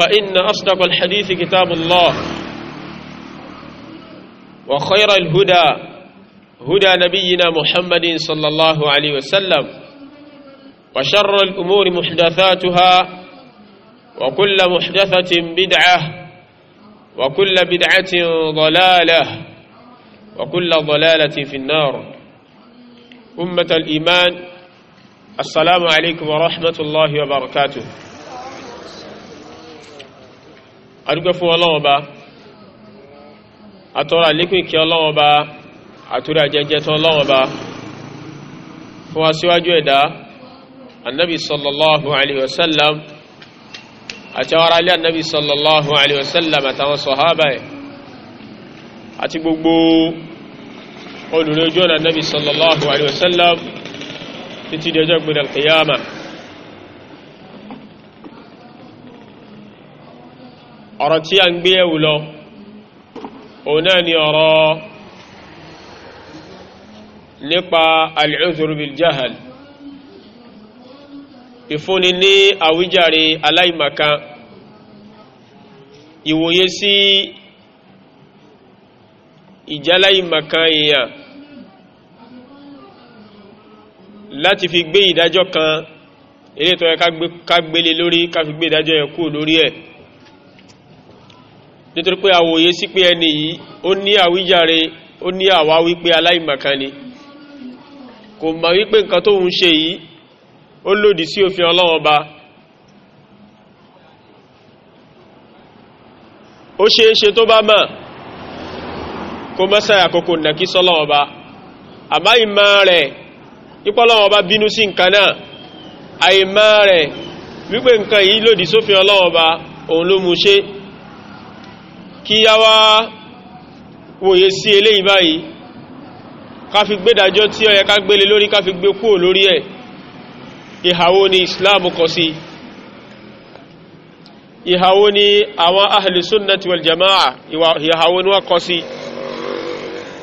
فإن أصدق الحديث كتاب الله وخير الهدى هدى نبينا محمد صلى الله عليه وسلم وشر الأمور محدثاتها وكل محدثة بدعة وكل بدعة ضلالة وكل ضلالة في النار أمة الإيمان السلام عليكم ورحمة الله وبركاته adúgbẹ́ fún ọlọ́ọ̀ba atọ́rọ àlékún ìkẹ́ ọlọ́ọ̀ba àtúrí àjẹjẹ tán ọlọ́ọ̀ba fún aṣíwájú ẹ̀dá annabi sallallahu alaihi wasallam àti àwọn aráalé annabi sallallahu alaihi wasallam àtàwọn sọ̀hábà ẹ̀ àti gbogbo olùrẹ́jọ́ annabi sallallahu alaihi wasallam títí dẹjọ́ gbẹ̀rẹ̀ kìyàmà ọ̀rọ̀ tí a ń gbé ẹ̀wù lọ òun náà ni ọ̀rọ̀ nípa al-uzru bil-jahl ìfúnni ní àwíjàre aláìmọ̀kan ìwòye sí ìjáláìmọ̀kan èèyàn láti fi gbé ìdájọ́ kan elétọ́ ẹ ká gbélé lórí ká fi gbé ìdájọ́ yẹn kú lórí ẹ̀ nítorí pé àwòye sí pé ẹni yìí ó ní àwíjàre ó ní àwá wípé aláìmọ̀kani kò mọ̀ wípé nǹkan tó ń ṣe yìí ó lòdì sí òfin Ọba ó ṣe é ṣe tó bá mọ̀ kó mọ́sá àkókò nàkí sọ́lọ́wọ́ bá àmá ìmá rẹ̀ ipọ́lọ́wọ́ ba bínú sí nǹkan náà àìmá rẹ̀ wípé nǹkan yìí lòdì sófin ọlọ́wọ́ ba òun ló mú ṣe kí a wá wòye sí eléyìí báyìí ká fi gbédàjọ́ tí ó yẹ ká gbélé lórí ká fi gbé kúrò lórí ẹ̀ ìhàwó ni islam kọ sí ìhàwó ni àwọn ahlùsúnnàtí wal jama'a ìhàwó ni wọ́n kọ sí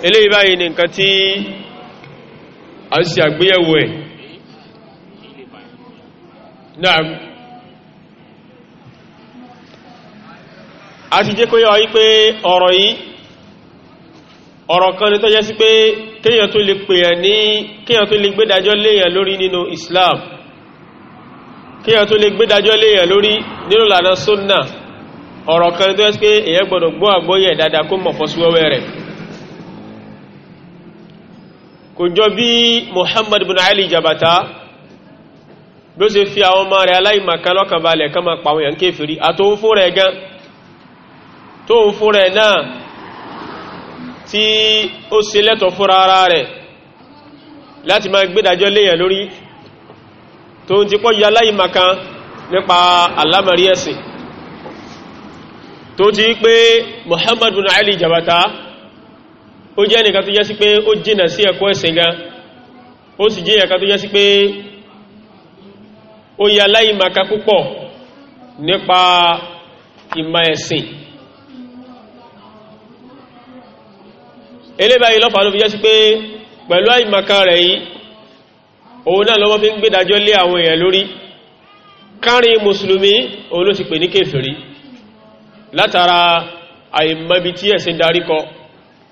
eléyìí báyìí ni nǹkan tí a ń ṣe àgbéyẹ̀wò ẹ̀ náà a ti jẹ́ kó yọ wípé ọ̀rọ̀ yìí ọ̀rọ̀ kan ni tó jẹ́ sí pé kéèyàn tó lè pèèyàn ní kéèyàn tó lè gbédájọ́ léèyàn lórí nínú Islam kéèyàn tó lè gbédájọ́ léèyàn lórí nínú ìlànà sunna ọ̀rọ̀ kan ni tó jẹ́ sí pé èyàn gbọ́dọ̀ gbọ́ àgbọ́yẹ̀ dáadáa kó mọ̀ fọ́síwẹ́wẹ́ rẹ̀ kò jọ bí Muhammad bin Ali Jabata bí ó ṣe fi àwọn ọmọ rẹ̀ aláìmọ̀kan lọ́kànbalẹ̀ kan máa pàwọn èèyàn kéfìrí àtòun fún rẹ̀ gan-an tó ń fún rẹ̀ náà tí ó ṣe lẹ́tọ̀ fúnra ara rẹ̀ láti máa gbédàjọ́ léyàn lórí tó ń ti pọ́ ya láì makan nípa alámàrí ẹ̀sìn tó ti pé Muhammadu Ali Jabata ó jẹ́ nìkan tó jẹ́ sí pé ó jìnà sí ẹ̀kọ́ ẹ̀sìn gan ó sì jẹ́ ẹ̀kan tó jẹ́ pé ó ya láì makan púpọ̀ nípa ìmọ̀ ẹ̀sìn eléyìí lọ́fà ló fi jẹ́ sí pé pẹ̀lú àìmọ̀kan rẹ̀ yìí òun náà lọ́wọ́ fi ń gbédájọ́ lé àwọn èèyàn lórí kárin mùsùlùmí òun ló sì pè ní kèfèrí látara àìmọ̀bi tí ẹ̀sìn darí kọ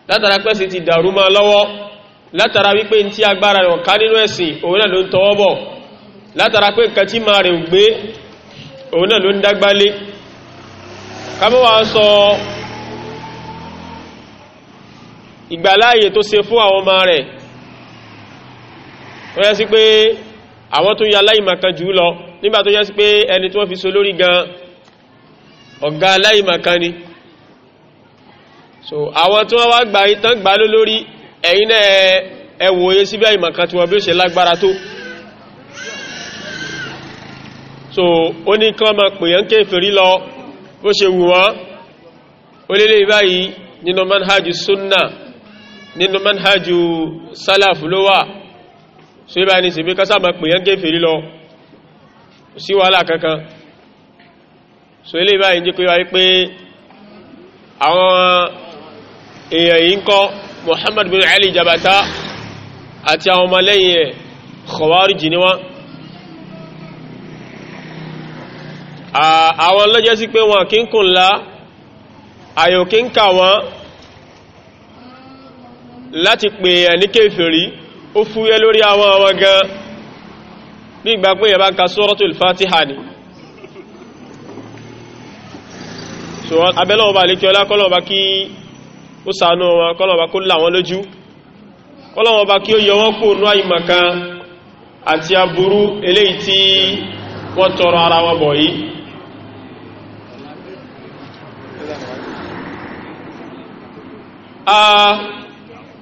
látara pẹ́sì ti dàrú máa lọ́wọ́ látara wípé tí agbára rẹ̀ ká nínú ẹ̀sìn òun náà ló ń tọwọ́ bọ̀ látara pé nǹkan tí máa rẹ̀ gbé òun náà ló ń dágbálé kámọ́wàá sọ ìgbàláàyè tó ṣe fún àwọn ọmọ rẹ̀ ó yẹ sí pé àwọn tó ya aláìmọ̀kan jù lọ nígbà tó yẹ sí pé ẹni tí fi so lórí gan ọ̀gá aláìmọ̀kan ni so àwọn tí wọ́n wá gbà ìtàn gbà ló lórí ẹ̀yin ẹwòye sí bí àìmọ̀kan tí wọ́n bí ó ṣe lágbára tó so ó ní kán ma pèyàn kéfèrí lọ bó ṣe wù wọ́n ó lélẹ̀ báyìí nínú manhajus sunnah nínú manhajú sálàfù ló wà so ibá ní sèbí kásáàmà pè yán kéfèrí lọ sí wàhálà kankan so ilé ibá ìjẹ́ pé wáyé pé àwọn èèyàn yìí ń kọ́ Muhammad bin Ali Jabata àti àwọn ọmọlẹ́yìn ẹ̀ Khawarij ni wọ́n àwọn lọ́jẹ́ sí pé wọn kí ń kùnlá àyòkí ń kà wọ́n láti pè èyàn ní kéfèrí ó fúyẹ́ lórí àwọn àwọn gan bí ìgbà pé èyàn bá ka suratul Fatiha ni so abẹ́lọ́wọ́ bá lékẹ́ ọlá kọ́lọ̀ bá kí ó ṣàánú wọn kọ́lọ̀ kó là lójú kọ́lọ̀ bá kí ó yọ wọn kó nú àìmọ̀kan àti aburú eléyìí tí wọ́n tọrọ ara wọn bọ̀ yìí a ah,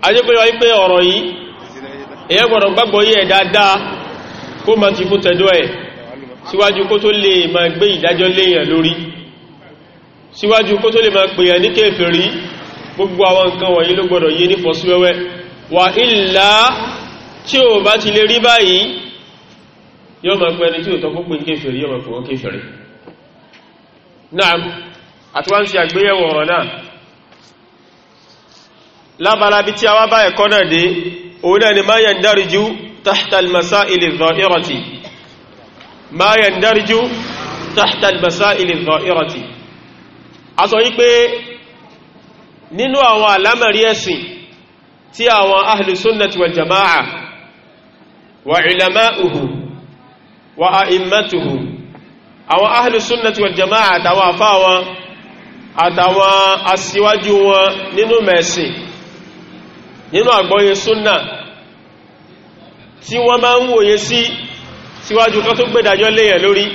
ajẹ́pẹ́ wáyé pé ọ̀rọ̀ yìí èyàn gbọ́dọ̀ gbàgbọ́ yẹ dáadáa kó ma ti fún tẹ̀dọ́ ẹ̀ síwájú kó tó lè ma gbé ìdájọ́ léèyàn lórí síwájú kó tó lè ma pèèyàn ní kèfèrí gbogbo àwọn nǹkan wọ̀nyí ló gbọ́dọ̀ yé ní fọ́síwẹ́wẹ́ wà ìlà tí ò bá ti lè lábára bí tí a wá bá ẹ̀kọ́ náà dé òun náà ni ma yandariju tahta al-masail adh-dha'irati ma yandariju tahta al-masail adh-dha'irati a sọ yí pé nínú àwọn alámẹ̀rí ẹ̀sìn tí àwọn ahlu sunnati jama'a wa ulama'uhu nínú àgbọ́yé súnnà tí wọ́n máa ń wòye sí síwájú kan tó gbẹ́dàjọ́ léyàn lórí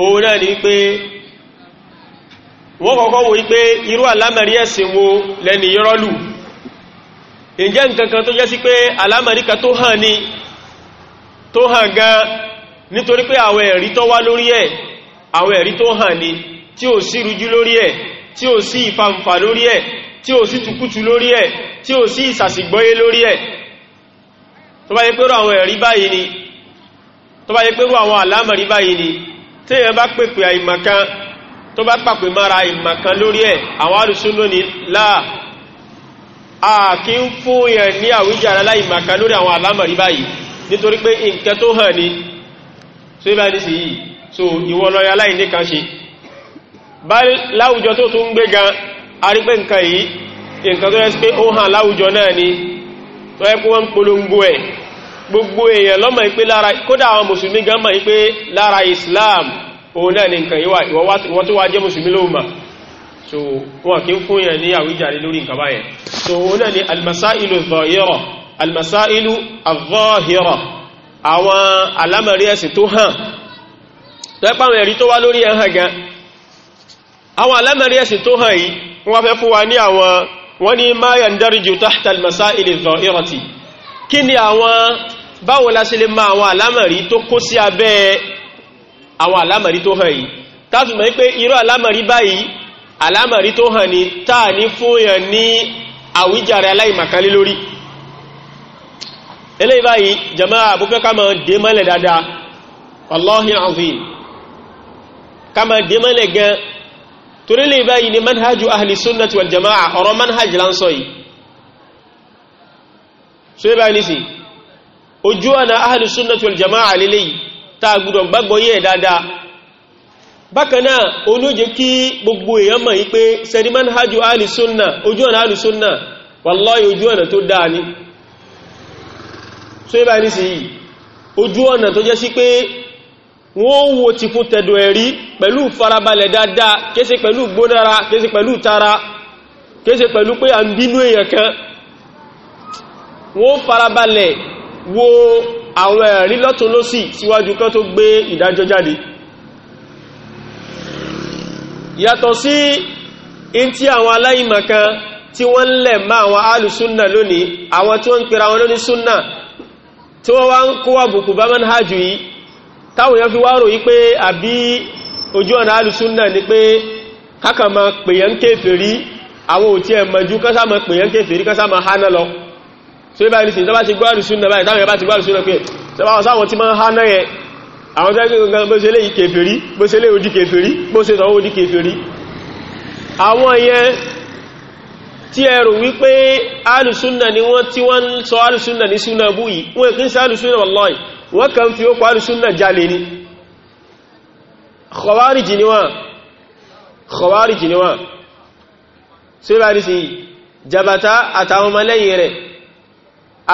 òun náà ni pé wọ́n kọ́kọ́ wò wípé irú alámẹ̀rí ẹ̀sìn wo lẹ́ni yọ́rọ́lù ìjẹ́ nǹkankan tó jẹ́ sí pé alámẹ̀rí kan tó hàn ní tó hàn gan nítorí pé àwọn ẹ̀rí tó wá lórí ẹ̀ àwọn ẹ̀rí tó hàn ní tí ò sí rújú lórí ẹ̀ tí ò sí ìfàǹfà lórí ẹ̀ tí ó sì tukutu lórí ẹ̀ tí ó sì ìsàsìgbọ́yé lórí ẹ̀ tó bá yẹ pẹ́rọ àwọn ẹ̀rí báyìí ni tó bá yẹ pẹ́rọ àwọn àlámọ̀rí báyìí ni tí èyàn bá pèpè àìmọ̀kan tó bá pàpè mára ìmọ̀kan lórí ẹ̀ àwọn alùsúnú ni láà a kí ń fún yẹn ní àwíjàrá láìmọ̀kan lórí àwọn àlámọ̀rí báyìí nítorí pé nǹkan tó hàn ni tó ibà ní sí yìí so ìwọ lọ́yà láì níkan ṣe bá láwùjọ tó tún gbé gan arípẹ́ nǹkan yìí nǹkan tó yẹ pé ó hàn láwùjọ náà ni tó yẹ kó wọ́n ń polongo ẹ̀ gbogbo èèyàn lọ́mọ̀ ìpé lára kódà àwọn mùsùlùmí gan ìpé lára Islam òun náà ni nǹkan yìí wà ìwọ́n tó wá jẹ́ mùsùlùmí lóhùn so wọn kí ń fún yẹn ní àwíjàre lórí nǹkan báyẹn so òun ni almasailu zahira almasailu azahira àwọn alámọ̀rí ẹ̀sìn tó hàn tó yẹ pàwọn ẹ̀rí tó wá lórí ẹ̀ ẹ̀sìn tó hàn yìí wọ́n fẹ́ fún wa ní àwọn wọ́n ní ma yandariju tahta al-masail adh-dha'irati kí ni àwọn báwo la ṣe lè ma àwọn alámàrí tó kó sí abẹ́ àwọn alámàrí tó hàn yìí tàbí mọ̀ pé irú alámàrí báyìí alámàrí tó hàn ní táà ní fóyàn ní àwíjàre aláìmàkálé lórí eléyìí báyìí jama'a àbúfẹ́ ká máa dé mọ́lẹ̀ dáadáa wallahi azim ká máa gan torí lè báyìí ni manhajjú ahli sunnati wal jama'a ọ̀rọ̀ manhajj lánsọ yìí so yẹ báyìí nìsí ojú ọ̀nà ahli sunnati wal jama'a lè lè tá a gbọ́dọ̀ gbàgbọ́ yẹ dáadáa bákanáà olóje kí gbogbo èèyàn mọ̀ yí pé sẹ́ni manhajjú ahli sunna ojú ọ̀nà ahli sunna wallahi ojú ọ̀nà tó wọ́n wo ti kún tẹ̀dọ̀ ẹ̀rí pẹ̀lú farabalẹ̀ dáadáa kése pẹ̀lú gbónára kése pẹ̀lú tara kése pẹ̀lú pé a ń bínú èèyàn kan wọ́n farabalẹ̀ wo àwọn ẹ̀rí lọ́tún lọ́sì síwájú kan tó gbé ìdájọ́ jáde yàtọ̀ sí in tí àwọn aláìmọ̀kan tí wọ́n lẹ̀ má àwọn alùsúnnà lónìí àwọn tí wọ́n ń pèrà wọn lóní súnnà tí wọ́n wá ń kó àbùkù bá manhajù yìí táwọn èèyàn fi wá rò yí àbí ojú ọ̀nà alùsúnnà ni pé kákà ma pèyàn kéfèrí àwọn òtí ẹ̀ mọ̀jú kásá ma pèyàn kéfèrí kásá ma hánà lọ so ibá ní sí tọ́bá ti gbọ́rù súnnà báyìí táwọn èèyàn bá ti gbọ́rù súnnà pé tọ́bá wọn sáwọn tí ma hánà yẹn àwọn tẹ́lẹ̀ gangan bó ṣe lé ìkèfèrí bó ṣe lé wípé alùsúnnà ni wọ́n tí wọ́n sọ alùsúnnà ní súnnà bú yìí wọ́n èkí sí alùsúnnà wallahi wọ́n kàn fi ó parí súnnà jalè ní kọwàríjì ni wọ́n kọwàríjì ni wọ́n tí bá ní sí jabata àtàwọn ọmọ lẹ́yìn rẹ̀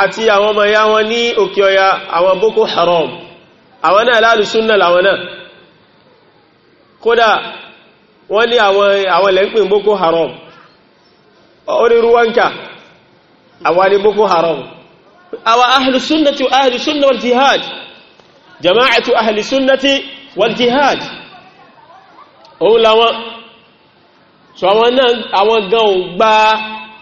àti àwọn ọmọ ya wọn ní òkè ọya àwọn boko haram àwọn náà láàrù súnnà làwọn náà kódà wọ́n ní àwọn lẹ́ńpín boko haram àwa ahlu sunnati wa ahlu sunna wal jihad jama'atu ahlu sunnati wal jihad òun làwọn so àwọn náà àwọn gan ò gba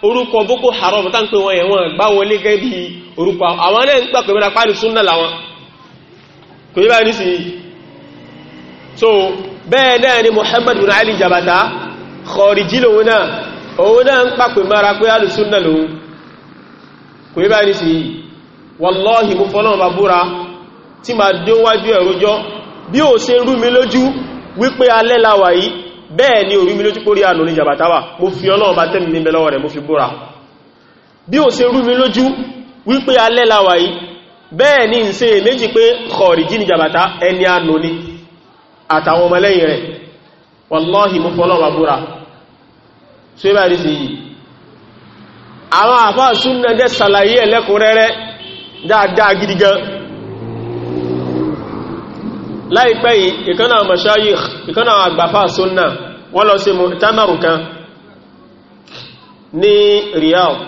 orúkọ boko haram tá ń pè wọ́n yẹn wọ́n gbá wọlé gẹ́ bí orúkọ àwọn náà ń pàpẹ mẹ́ra pàálù súnnà láwọn kò yí báyìí sí so bẹ́ẹ̀ náà ni Muhammad bin Ali Jabata kọ̀rìjí lòun náà òun náà ń pàpẹ mẹ́ra pé alùsúnnà lòun kò yí báyìí sí wallahi mo fọ́lọ́wọ́n bá búra tí ma dé wájú ẹ̀rọjọ́ bí ó ṣe rú mi lójú wípé alẹ́ la wà yìí bẹ́ẹ̀ ni ó rú mi lójú pórí ànú ní jàbátáwà mo fi ọlọ́wọ́n bá tẹ́mi níbẹ̀ lọ́wọ́ rẹ̀ mo fi búra bí ó ṣe rú mi lójú àwọn àfáà súnnà jẹ́ sàlàyé ẹlẹ́kùnrẹ́rẹ́ dáadáa gidi gan láìpẹ́ yìí ìkánà mashayikh ìkánà àgbàfà sunna wọ́n lọ sí mọ̀tánàrù kan ní Riyadh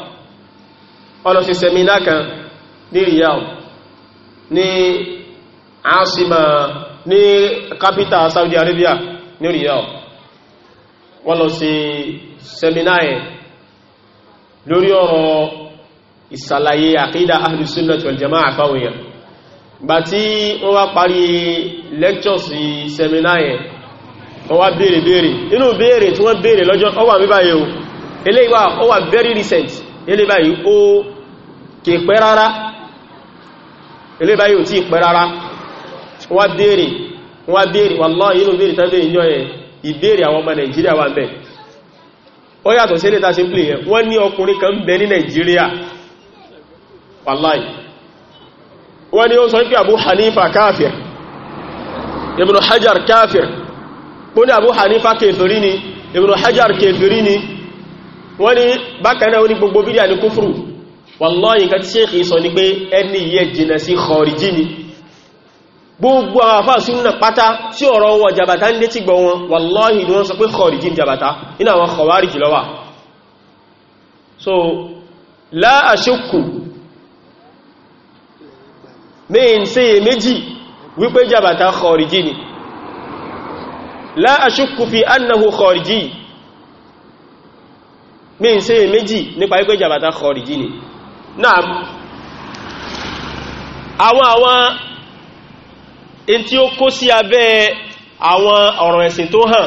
ọlọ́ sí sẹ́mínà kan ní Riyadh ní asima ní kápítà Saudi Arabia ní Riyadh wọ́n lọ sí sẹ́mínà yẹn lórí ọ̀rọ̀ ìsàlàyé àkídà ahlùsúnnàtì wàljama àfáwòyàn gbà tí wọ́n wá parí lectures seminar yẹn wọ́n wá béèrè béèrè inú béèrè tí wọ́n béèrè lọ́jọ́ ọwà míbáyé o eléyìí wà ó wà very recent eléyìí báyìí ó kè pẹ́ rárá eléyìí báyìí ò tí pẹ́ rárá wá béèrè wá béèrè wallahi inú béèrè tán béèrè yọ yẹn ìbéèrè àwọn ọmọ nàìjíríà wà bẹ́ẹ̀ ó yàtọ̀ sí ilé ta ṣe yẹn wọ́n ní ọkùnrin kan ń bẹ ní nàìjíríà wallahi wọ́n ni ó sọ wípé Abu Hanifa káfir Ibn Hajar káfir kó ní Abu Hanifa kèfèrí ni Ibn Hajar kèfèrí ni wọ́n ni bákanáà ó ní gbogbo bídíà ní kúfùrù wallahi nǹkan tí Sheikh sọ ní pé ẹni yẹ jìnà sí kọrìjí ni gbogbo àwọn súnnà pátá tí ọ̀rọ̀ wọn jàbàtà ń dé tí gbọ́ wọn wallahi ni wọ́n sọ pé kọrìjí jàbàtà nínú àwọn kọwárìjì lọ́wà so la ashukku mẹ́yìn sí méjì wípé jàbàtà kọ̀rìjì ni la ashukku fi annahu kọ̀rìjì mẹ́yìn sí méjì nípa wípé jàbàtà kọ̀rìjì ni náà àwọn àwọn in tí ó kó sí abẹ́ àwọn ọ̀rọ̀ ẹ̀sìn tó hàn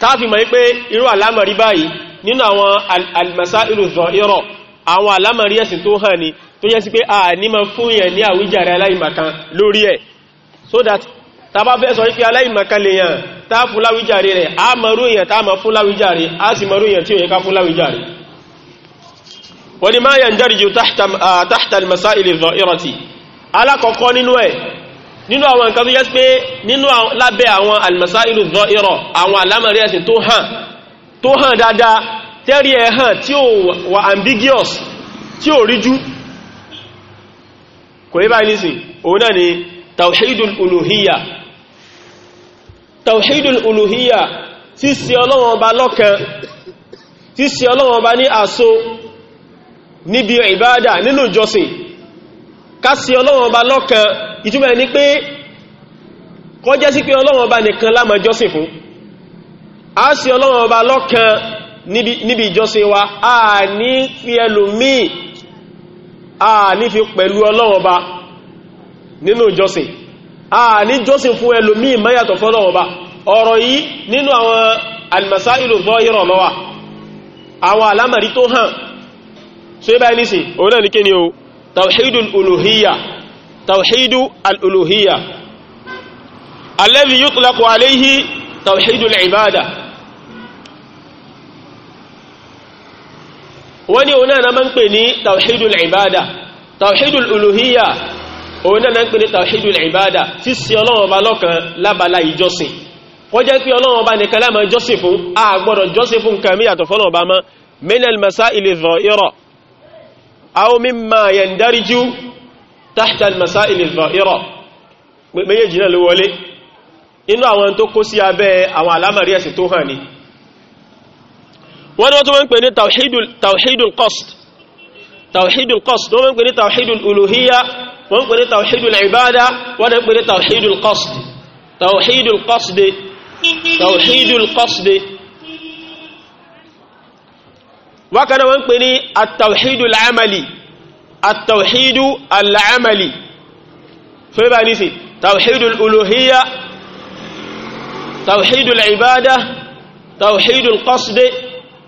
táàfi mọ̀ wípé irú àlámọ̀rí báyìí nínú àwọn almasailu zọ̀ ìrọ̀ àwọn àlámọ̀rí ẹ̀sìn tó hàn ni tó yẹ sí pé a ní ma fún yẹn ní àwíjàre aláìmọ̀kan lórí ẹ̀ so that tàbá fẹ́ sọ wípé aláìmọ̀kan lè yàn tá fún láwíjàre rẹ̀ a mọ̀rú yẹn tá mọ̀ fún láwíjàre a sì mọ̀rú yẹn tí ó yẹ ká fún láwíjàre wọ́n ni máa yàn járíjù tahta al-masail adh-dha'irati alákọ̀ọ́kọ́ nínú ẹ̀ nínú àwọn nǹkan tó yẹ sí pé nínú lábẹ́ àwọn al-masail adh-dha'ira àwọn alámọ̀rí ẹ̀sìn tó hàn tó hàn dáadáa tẹ́rí tí ó wà ambiguous kò yí báyìí nísìn òun náà ni tawhidul uluhiyya tawhidul uluhiyya ṣíṣe Ọlọ́run ọba lọ́kan ṣíṣe Ọlọ́run ọba ní àṣọ níbi ìbáadà nínú ìjọsìn ká sí Ọlọ́run ọba lọ́kan ìtumọ̀ ní pé kọjẹ́ sí pé Ọlọ́run ọba nìkan la máa fún a sí Ọlọ́run ọba lọ́kan níbi ìjọsìn wa a ní fi ẹlòmíì a ní fi pẹ̀lú Ọlọ́run Ọba nínú ìjọsìn a ní jọsìn fún ẹlòmíì má yàtọ̀ fọ́lọ́run Ọba ọ̀rọ̀ yìí nínú àwọn almasailu zahira ló wà àwọn alámàrí tó hàn so ibá nísìn òun náà ní kí o tawhidul uluhiyya wọ́n ní òun náà máa ń pè ní tawhidul ibada tawhidul uluhiyya òun náà ń pè ní tawhidul ibada tí sí ọlọ́run ọba lọ́kan lábala ìjọsìn kó jẹ́ pé ọlọ́run ọba nìkan la máa jọ́sìn fún a gbọ́dọ̀ jọ́sìn fún nǹkan mí yàtọ̀ fọ́lọ́run ọba mọ́ minal masaili dha'ira aw wọ́n ni wọ́n tó mọ́ ń pè ní tawhidul qasd tawhidul qasd wọ́n mọ́ ń pè ní tawhidul uluhiyya wọ́n ń pè ní tawhidul ibada wọ́n ń pè ní tawhidul qasd tawhidul qasd tawhidul qasd wákan náà wọ́n ń pè ní at-tawhidul amali at-tawhidu al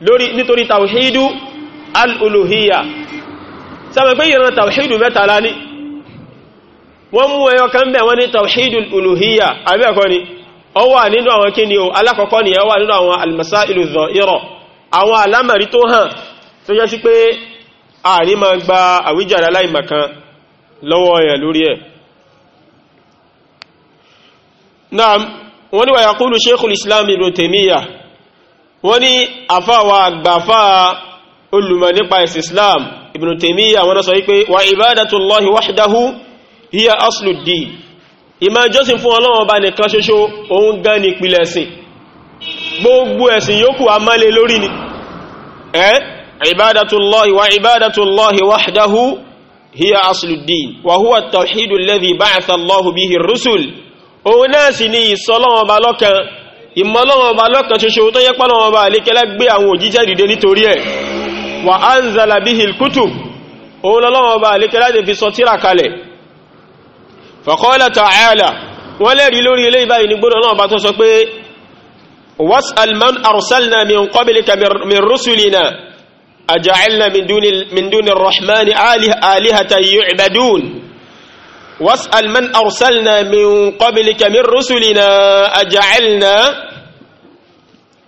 lórí nítorí tàwíhídú al'uluhiyya sáwọn pé ìran tàwíhídú mẹ́ta láni wọ́n mú ẹyọ kan bẹ̀ wọ́n ní tàwíhídú al'uluhiyya àbẹ́ẹ̀kọ́ ni ó wà nínú àwọn kí ni o alákọ̀ọ́kọ́ ni ó wà nínú àwọn almasailu dhahira àwọn alámàrí tó hàn tó jẹ́ sí pé ààrí ma gba àwíjàre islam ibn wọ́n ní àfáwà àgbàfà olùmọ̀ nípa ìsìn islam ibn Taymiyyah àwọn ọ̀sọ̀ wípé wa ibadatullahi wahdahu hiya asluddin ìmá jọ́sìn fún Ọlọ́run Ọba nìkan ṣoṣo òun gan ni ìpìlẹ̀ ẹ̀sìn gbogbo ẹ̀sìn yòókù a máa lé lórí ni ẹ́ ìmọ̀lọ́wọ̀n ọba lọ́kan ṣoṣo tó yẹ pọ́lọ́wọ̀n ọba àlékẹ́lá gbé àwọn òjíṣẹ́ dìde nítorí ẹ̀ wà anzala bihil kutub òun lọ́wọ́n ọba àlékẹ́lá dẹ̀ fi sọ tírà kalẹ̀ faqala ta'ala wọ́n lẹ́rìí واسأل من أرسلنا من قبلك من رسلنا أجعلنا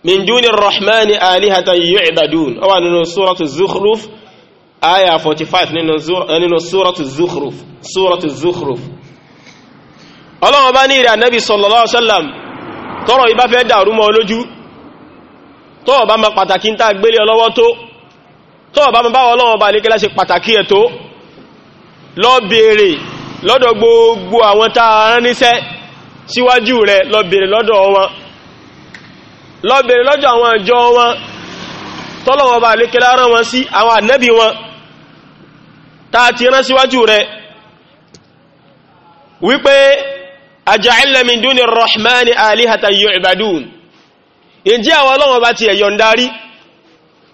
من دون الرحمن آلهة يعبدون أو أن سورة الزخرف آية 45 من سورة الزخرف سورة الزخرف ọlọ́wọ́ bá ní ìrẹ̀ ànẹ́bì sallallahu alaihi wasallam tọ́rọ ìbá fẹ́ dàrú mọ́ olójú tọ́wọ́ bá ma pàtàkì ń tàà gbélé ọlọ́wọ́ tó tọ́wọ́ bá ma bá ọlọ́wọ́ bá ní kí pàtàkì ẹ̀ tó bèèrè lọ́dọ̀ gbogbo àwọn táa rán níṣẹ́ síwájú rẹ̀ lọ bèèrè lọ́dọ̀ wọn lọ bèèrè lọ́dọ̀ àwọn àjọ wọn tọ́lọ̀wọ́ bá lè kẹlá rán wọn sí àwọn ànábì wọn táa ti rán síwájú rẹ̀ wípé aja'alna min duni rahmani alihatan yu'badun ìjẹ́ àwọn ọlọ́wọ́ bá ti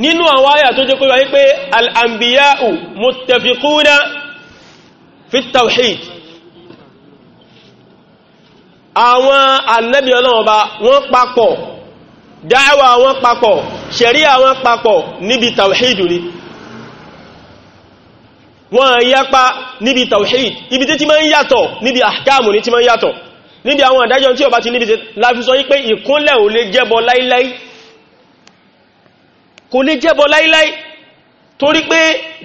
nínú àwọn àyà tó jẹ́ pé wáyé pé al'ambiya'u muttafiquna fi tawhid àwọn annabi Ọlọ́run ba wọ́n papọ̀ dáwà wọ́n papọ̀ ṣẹ̀ríà wọ́n papọ̀ níbi tawhid ni wọ́n yapa níbi tawhid ibi tí ti máa ń yàtọ̀ níbi ahkamu ni ti máa ń yàtọ̀ níbi àwọn àdájọ́ tí ó ti níbi láfisọ́ yí pé ìkúnlẹ̀ ò lè jẹ́bọ láíláí kò lè jẹ́bọ láíláí torí pé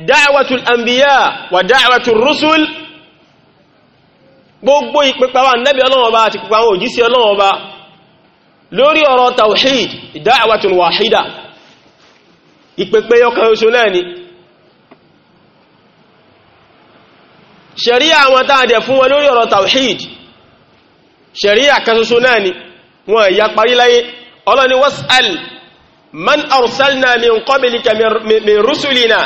dáàwàtul àmbíyà wà dáàwàtul rúsùl gbogbo ìpẹpàwà nẹ́bí ọlọ́wọ́ bá àti pẹpàwà òjísí ọlọ́wọ́ bá lórí ọ̀rọ̀ tawhid dáàwàtul wàhídà ìpẹpẹ yọkan oṣù náà ni ṣẹ̀ríà àwọn tààdẹ̀ fún من أرسلنا من قبلك من رسلنا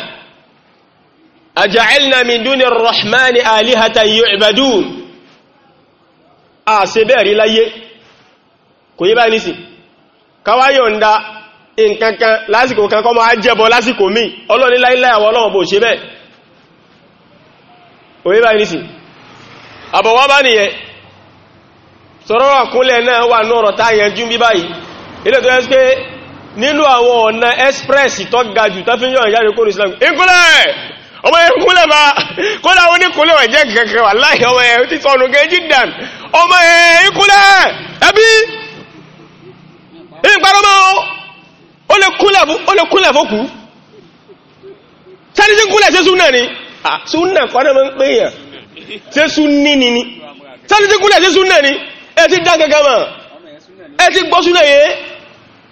أجعلنا من دون الرحمن آلهة يعبدون àṣẹ́bẹ̀rí láyé kò yí bá ní sí káwáyọ̀ ń da nǹkankan lásìkò kankan máa jẹ́bọ lásìkò mí ọlọ́ni láìláì àwọn ọlọ́wọ̀n bò ṣe bẹ́ẹ̀ kò yí bá ní sí àbọ̀wọ́ bá nìyẹn sọ̀rọ̀ àkúnlẹ̀ náà wà ní ọ̀rọ̀ táyẹn jú bí báyìí ilẹ̀ tó yẹ́ nínú àwọn ọ̀nà express tó ga jù tó fi ń yọ̀n jáde kóòrò islam ìkúnlẹ̀ ọmọ yẹn kúnlẹ̀ bá kódà ó ní kúnlẹ̀ wẹ̀ jẹ́ kẹ̀kẹ́ wà láì ọmọ yẹn ti sọnù gẹ́jì dàn ọmọ yẹn ìkúnlẹ̀ ẹbí ìparọ́mọ́ ó lè kúnlẹ̀ fókù sáré tí kúnlẹ̀ sí súnà ni súnà kọ́nà mọ́ ń pè yàn sí súnni ni ni sáré tí ti gbọ́ súnà yẹn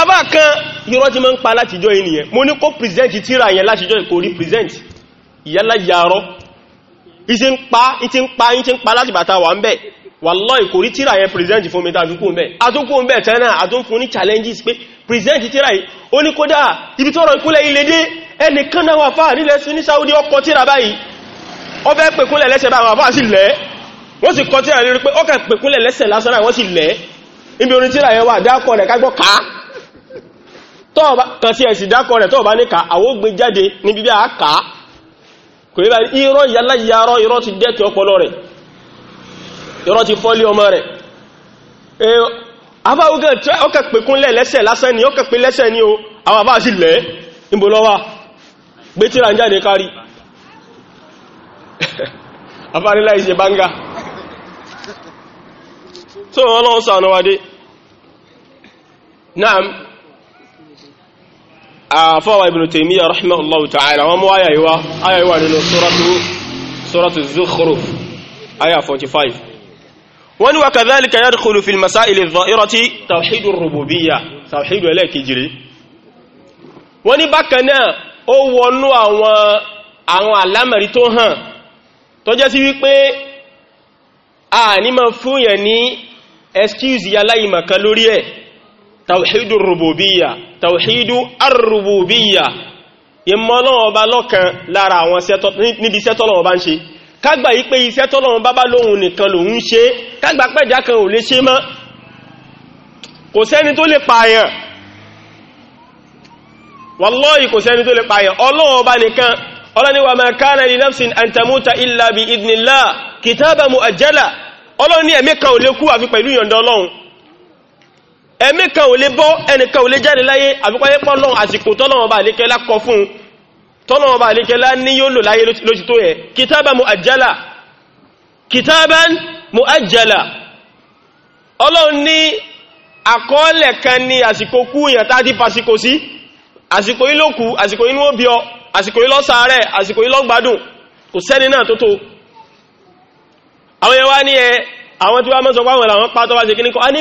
àbá kan irọ́ tí ma ń pa látijọ́ ènìyàn mo ní kó present tíra yẹn látijọ́ kò rí present ìyálà yàrọ́ ìtí ń pa ìtí ń pa ìtí ń pa láti bàtà wà ń bẹ̀ wallahi kò rí tíra yẹn present fún mi tá bẹ̀ àtúnkù ń challenges pé present tíra yìí ó ní kódà ibi tọ́rọ ìkúnlẹ̀ ilé dé ẹnìkan Saudi ọkọ̀ tíra báyìí ó fẹ́ pèkúnlẹ̀ lẹ́sẹ̀ bá àwọn àfáà sí lẹ́ wọ́n sì kọ tíra rí pé ó kẹ́ pèkúnlẹ̀ lẹ́sẹ̀ lásán wọ́n sì lẹ́ ibi orin tíra yẹn wà dákọ̀ kágbọ́ ká tọ́ọ̀bá kan sí ẹ̀sì dákọ̀ rẹ̀ tọ́ọ̀bá ní ká àwógbé jáde ní bíbí àáká kò yíba irọ́ yálàyàrọ́ irọ́ ti dẹ́kẹ̀ ọpọlọ rẹ̀ irọ́ ti fọ́lé ọmọ rẹ̀ abáwọ́gẹ́ ọkẹ̀ pẹ̀kúnlẹ̀ lẹ́sẹ̀ àfọwà ibn Taymiyyah rahimahullahu ta'ala wọn mú ayayiwa ayayiwa nínú suratu Zukhruf aya 45 wọ́n ni wa kadhalika yadkhulu fil masail adh-dha'irati tawhidur rububiyyah tawhidu ẹlẹ́kejìrí wọ́n ni bákan ó wọnú àwọn alámẹ̀rí tó hàn tó jẹ́ sí wípé a ní ma fún yẹ ní excuse yàláyìmọ̀kan lórí ẹ̀ tàwíhìdù rùbùbíyà tàwíhìdù arùbùbíyà ìmọ̀ Ọlọ́run bá lọ́kan lára àwọn níbi iṣẹ́ tọ́lọ́run bá ń ṣe kágbà yí pé iṣẹ́ tọ́lọ́run bá bá lóhun nìkan lòun ṣe kágbà pẹ̀dá kan ò lè ṣe mọ́ kò sẹ́ni tó lè pààyàn wallahi kò sẹ́ni tó lè pààyàn Ọlọ́run bá nìkan Ọlọ́run ní wa ma kana li nafsin an tamuta illa bi idhnillah kitaban muajjala Ọlọ́run ní ẹ̀mí kan ò lè kú àfi pẹ̀lú ìyọ̀ǹda Ọlọ́run ẹ̀mí kan ò lè bọ́ ẹnìkan ò lè jáde láyé àbíkọ́yé pọ́lọ́n àsìkò tọ́lọ́wọ́n bá àlékẹ́lá kọ fún un tọ́lọ́wọ́n bá àlékẹ́lá ní yóò lò láyé ló ti tó yẹ kìtàbà mu àjálà kìtàbà mu àjálà ọlọ́run ní àkọọ́lẹ̀ kan ní àsìkò kú èèyàn tá a ti fasikò sí àsìkò yìí ló kú àsìkò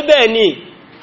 yìí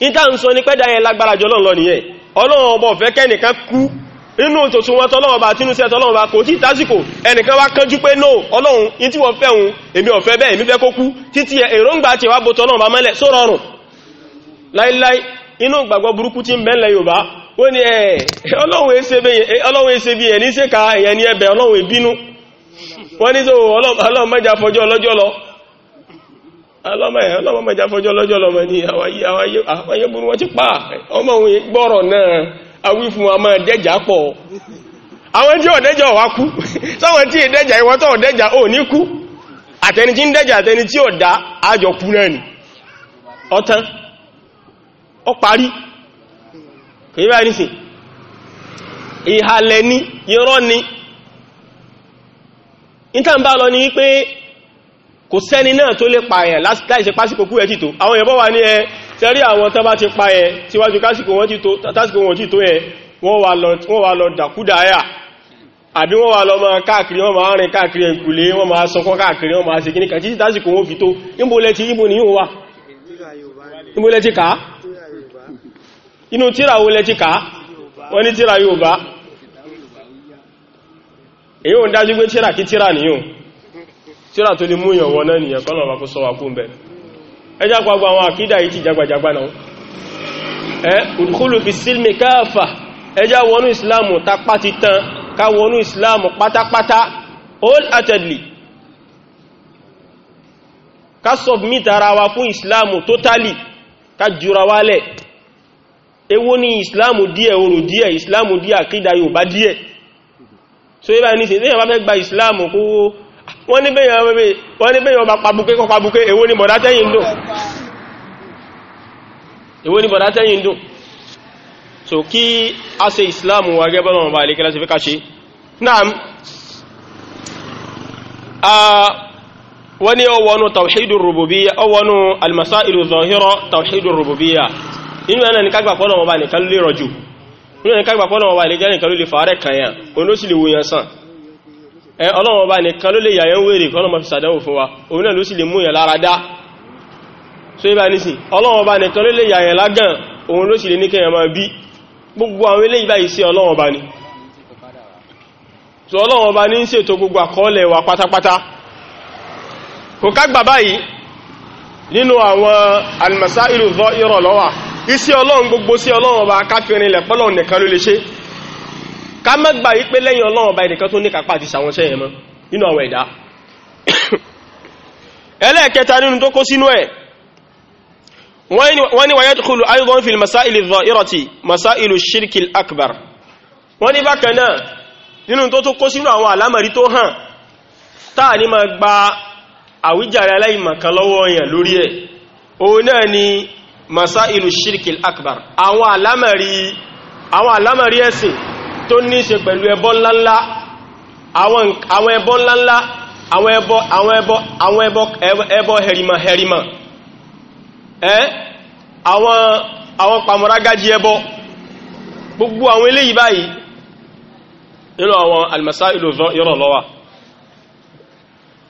ita ń sọ ní pẹ́dà yẹn lágbára jọ lọ́nà nìyẹn ọlọ́run ọba ọ̀fẹ́ kẹ́nìkan kú inú òtòtò wọn tọ́lọ́run ọba tínú sí ẹ̀tọ́lọ́run ọba kò tí tásìkò ẹnìkan wá kánjú pé no ọlọ́run in tí wọ́n fẹ́ hun èmi ọ̀fẹ́ bẹ́ẹ̀ mi fẹ́ kó kú títí èròǹgbà tí wá bo tọ́lọ́run ọba mẹ́lẹ̀ só rọrùn láíláí inú gbàgbọ́ burúkú tí ń e bẹ́ẹ̀lẹ̀ e ka ẹ̀yẹn e ní ọlọ́run ìbínú wọ́n ọlọ́mọ̀já fọjọ́ lọ́jọ́ lọ́mọ ní àwáyé burú wọ́n ti pa ọmọ òun gbọ́rọ̀ náà awí fún wa máa pọ̀ àwọn tí ó dẹ́jà wá kú sọ́wọ́n tí ìdẹ́jà ìwọ́n dẹ́jà ò ní kú àtẹni tí ń dẹ́jà àtẹni tí dá àjọ kú náà ni kò sẹ́ni náà tó lè pààyàn láìsẹ̀ pásìkò kú ẹ̀ títò àwọn èèyàn bọ́ wà ní ẹ tẹ́rí àwọn tán bá ti pààyàn tíwájú kásìkò wọn títò ẹ wọ́n wà lọ dàkúdàáyà àbí wọ́n wà lọ máa káàkiri wọ́n máa rìn káàkiri ẹ̀kùlé wọ́n máa sọkọ́ káàkiri wọ́n máa ṣe gíníkà títí tásìkò wọn fi tó ìmúlẹ̀ ti ìbò ní yíò wà ìmúlẹ̀ ti ká inú tíra wo lẹ ká wọ́n ní tíra Yorùbá èyí ò dájú pé tíra kí tíra nìyàn tíra tó lè mú ìyàn wọn náà nìyàn kọ́nà wà kó sọ wà kún bẹ̀ ẹjá pàgbà àwọn àkídà yìí ti jagbàjagbà náà ẹ́ udkhulu fi sílmì káàfà ẹjá wọnú ìsìláàmù tapá ti tán ká wọnú ìsìláàmù pátápátá totally ká jura wálẹ̀ èwo ni ìsìláàmù díẹ̀ orò díẹ̀ ìsìláàmù díẹ̀ àkídà yóò bá díẹ̀ so ibà ní sí ẹ̀yàn bá fẹ́ gba ìsìláàmù kówó wọ́n ní bẹ́yàn ọba pàbùké kọ pàbùké èwo ni bọ̀dá tẹ́yìn dùn èwo ni bọ̀dá tẹ́yìn dùn so kí a ṣe islam wà gẹ́bẹ́ lọ́wọ́ bá ilé kí lásìfíkà ṣe náà wọ́n ní ọwọ́nú tawhidur rububiyya ọwọ́nú almasailu zahira tawhidur rububiyya inú ẹ̀nà ní kágbà pọ́nà ọba nìkan lè rọ̀jù inú ẹ̀nà ní kágbà pọ́nà ọba ilé jẹ́ nìkan ọlọ́wọ́ bá nìkan ló lè yàyẹ ń wèrè ma fi sàdánwò fún wa òun náà ló sì lè mú yàn lára dá so ibà nìsìn ọlọ́wọ́ bá nìkan ló lè yàyẹ lágàn òun ló sì lè níkẹyàn máa bí gbogbo àwọn ilé ìbá ìsẹ́ ọlọ́wọ́ bá ní gbogbo wa gbogbo ká má gbà wípé lẹ́yìn ọlọ́run ọba ẹnìkan tó ní kápá àti sàwọn sẹ́yìn mọ́ nínú àwọn ẹ̀dá ẹlẹ́ẹ̀kẹta nínú tó kó sínú ẹ̀ wọ́n ni wáyé tó kúlù ayúgbọ́n fi masáìlì zọ ìrọ̀tì masáìlì shirkil akbar wọ́n ni bákan náà nínú tó tó kó sínú àwọn alámàrí tó hàn táà ní ma gba àwíjàre aláìmọ̀kan àwọn alámàrí ẹ̀sìn tó ní ṣe pẹ̀lú ẹbọ ńláńlá àwọn ẹbọ ńláńlá àwọn ẹbọ àwọn ẹbọ àwọn ẹbọ ẹbọ hẹ̀rìmọ̀ hẹ̀rìmọ̀ ẹ́ àwọn àwọn pàmọ́rágájí ẹbọ gbogbo àwọn eléyìí báyìí nínú àwọn almasailu ìrọ̀lọ́wà